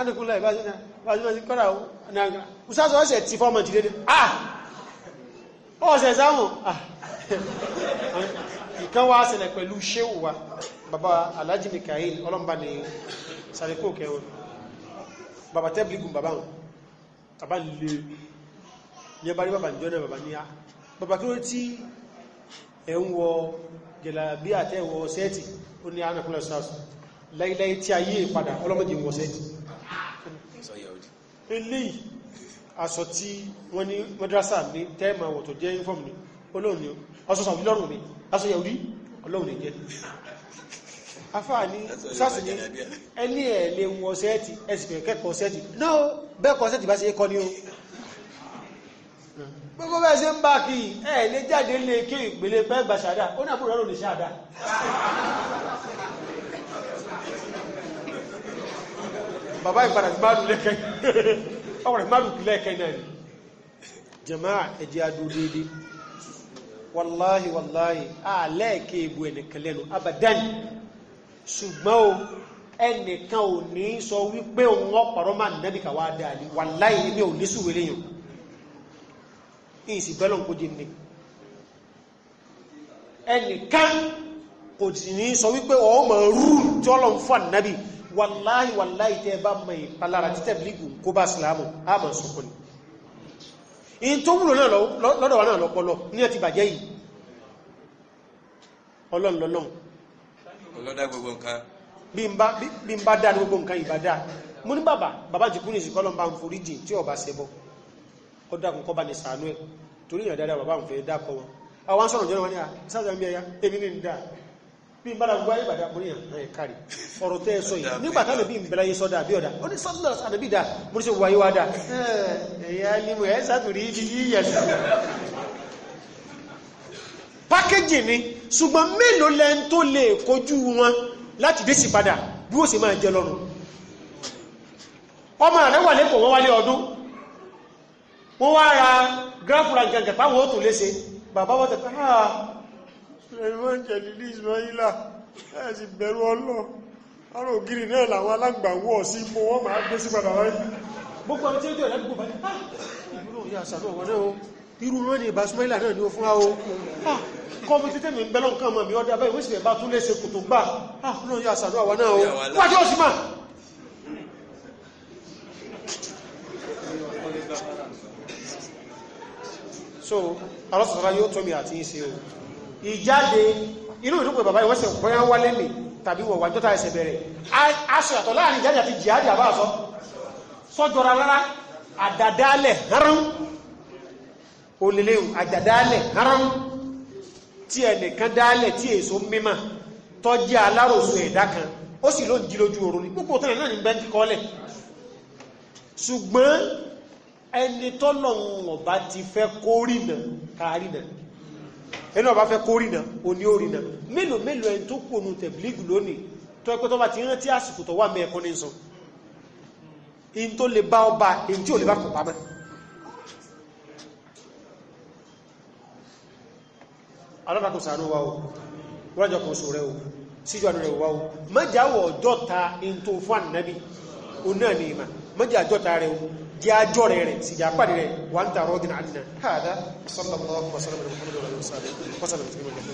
ánàkúnlá ìbájúmọ́sí kọ́dà náà ìsáàtọ̀ ọ̀sẹ̀ ti fọ́mọ̀ ti dédé ah ọ̀sẹ̀ sáwọn ìkan wá ṣẹlẹ̀ pẹ̀lú ṣéwù wa bàbá alájì mikael ọlọ́mbà ni sàrẹ́kò kẹwọn bàbá tẹ́bìlìgùn bàbá wọn bàbá lè ní ẹbá rí bàbá ìjọ náà bàbá ní á bàbá kí ló tí ẹ ń wọ gẹ̀làbí àtẹ́wọ sẹ́ẹ̀tì ó ní ánàkúnlẹ̀ sọ́ọ̀sọ̀ láíláí tí ayé padà ọlọ́mọdé ń wọ sẹ́ẹ̀tì eléyìí aṣọ tí wọ́n ní madrasa ní tẹ́ẹ̀mà wọ̀ tó jẹ́ uniform ní olóòní aṣọ sàwọn ìlọ́rùn ní aṣọ yàwúrí olóòní jẹ́ afáà ní sáàsì ní ẹni ẹ̀ lè wọ sẹ́ẹ̀tì ẹ̀sìnkẹ́ kẹ́kọ̀ọ́ sẹ́ẹ̀tì náà bẹ́ẹ̀ kọ́ sẹ́ẹ̀tì bá ṣe kọ́ ní o gbogbo bẹ́ẹ̀ ṣe ń bá kí ẹ̀ lè jáde lè kí ìpele pẹ́ bàbá ìpadà ti máa lù lẹ́kẹ́ ọkùnrin máa lù lẹ́kẹ́ náà ni jàmáà ẹ̀jẹ̀ adó déédéé wàláhì wàláhì àlẹ́ẹ̀kẹ́ ìbò ẹnìkan lẹ́nu abadan ṣùgbọ́n o ẹnìkan ò ní sọ wípé òun ọ̀pọ̀rọ̀ máa nẹ́bìkà wá dáa ní wàláhì ní ò yàn ìsì bẹ́lọ̀ kó jẹ́ ní ẹnìkan kò sì ní sọ wípé ọmọ rúù tí ọlọ́run wàláhì wàláhì tẹ́ bá mọ̀ ìpalára títẹ̀ blígù kó bá sílámù àmọ̀ sọ̀kọ̀ ni in tó wúlò náà lọ́dọ̀ wà náà lọ́pọ̀lọ́ ní ọtí bàjẹ́ yìí ọlọ́nlọ́lọ́n ọlọ́dá gbogbo nǹkan bí n bá dá gbogbo nǹkan ìbá dá mú ní bàbá bàbá jùkú ní ìsìnkọ́lọ́ bá ń forí jìn tí ọba ṣẹbọ ó dákun kọ́ bá ní sàánú ẹ̀ torí ni à bí bára gbá ìbàdà múríyàn náà kàrí ọ̀rọ̀ tẹ́ sọ yìí nígbàtà lè bí ìbẹ̀lá yìí sọ́dá bí ọ̀dá ó ní sọ́dá àdàbí dá múrí sí wáyé wádá ẹ̀yà nímú ẹ̀ sàtúrí ibi yíyà sí pákéjì ni ṣùgbọ́n mélòó lẹ́n tó lè kojú wọn láti dé sí padà bí ó sì máa jẹ lọ́rùn ọmọ rẹ̀ wà lẹ́kọ̀ọ́ wọn wálé ọdún wọ́n wá ra gráfùrà Suleiman Jelili Ismaila ẹ̀ sì bẹ̀rù ọlọ́ ọ̀rọ̀ ògiri náà làwọn alágbàwọ̀ sí ipò wọ́n máa gbé sí padà wáyé gbogbo àwọn tí ó jẹ́ ọ̀rẹ́ gbogbo báyìí ah! ìlú náà yà sàánú ọ̀wọ́ o irú rẹ̀ ní ìbá Ismaila náà ni ó fún o ah! kọ́mù tí tẹ́mi ń bẹ́lọ́ nǹkan mọ̀ mí ọdá báyìí wọ́n sì bá tún lè ṣe kòtò gbà ah! náà yà sàánú àwa o wájú ó so alọ́sọ̀tara yóò tọ́ mi àti ìṣe o ìjáde inú ìdúpẹ̀ bàbá ìwọ́sẹ̀ bọ́yá wálé nì tàbí wọ̀wà jọta ẹsẹ̀ bẹ̀rẹ̀ aṣọ àtọ̀ láàrin ìjáde àti jihadi àbá àṣọ sọ́jọra rárá àdàdálẹ̀ haram olèléhùn àdàdálẹ̀ haram tí ẹnìkan dálẹ̀ tí èso mímọ̀ tọ́jú aláròsọ ẹ̀dá kan ó sì ló ń jí lójú oorun ní púpọ̀ tẹ́lẹ̀ náà ní bẹ́ńkì kọ́lẹ̀ ṣùgbọ́n ẹni tọ́lọ̀ ọ̀bá ti fẹ́ kórìnà kárìnà ẹni ọba fẹ́ kó rìnà òní ó rìnà mélòó mélòó ẹni tó kú ònú tẹ̀blígù lónìí tó ẹgbẹ́ tó bá ti rántí àsìkò tó wà mẹ́ẹ̀kọ́ ní sọ in tó lè bá ọba èyí tí ò lè bá kọ̀pá mẹ́ alọ́dàkù sàánú wa o wọ́njọ kò sọ rẹ o síjú àánú rẹ wa o mẹ́jà wọ̀ ọjọ́ ta in tó fún ànàbí òun náà ní ìmà mẹ́jà àjọ́ta rẹ o jẹ́ àjọ rẹ̀ rẹ̀ sì jẹ́ àpàdé rẹ̀ wà ń tààrọ́ dínà àdínà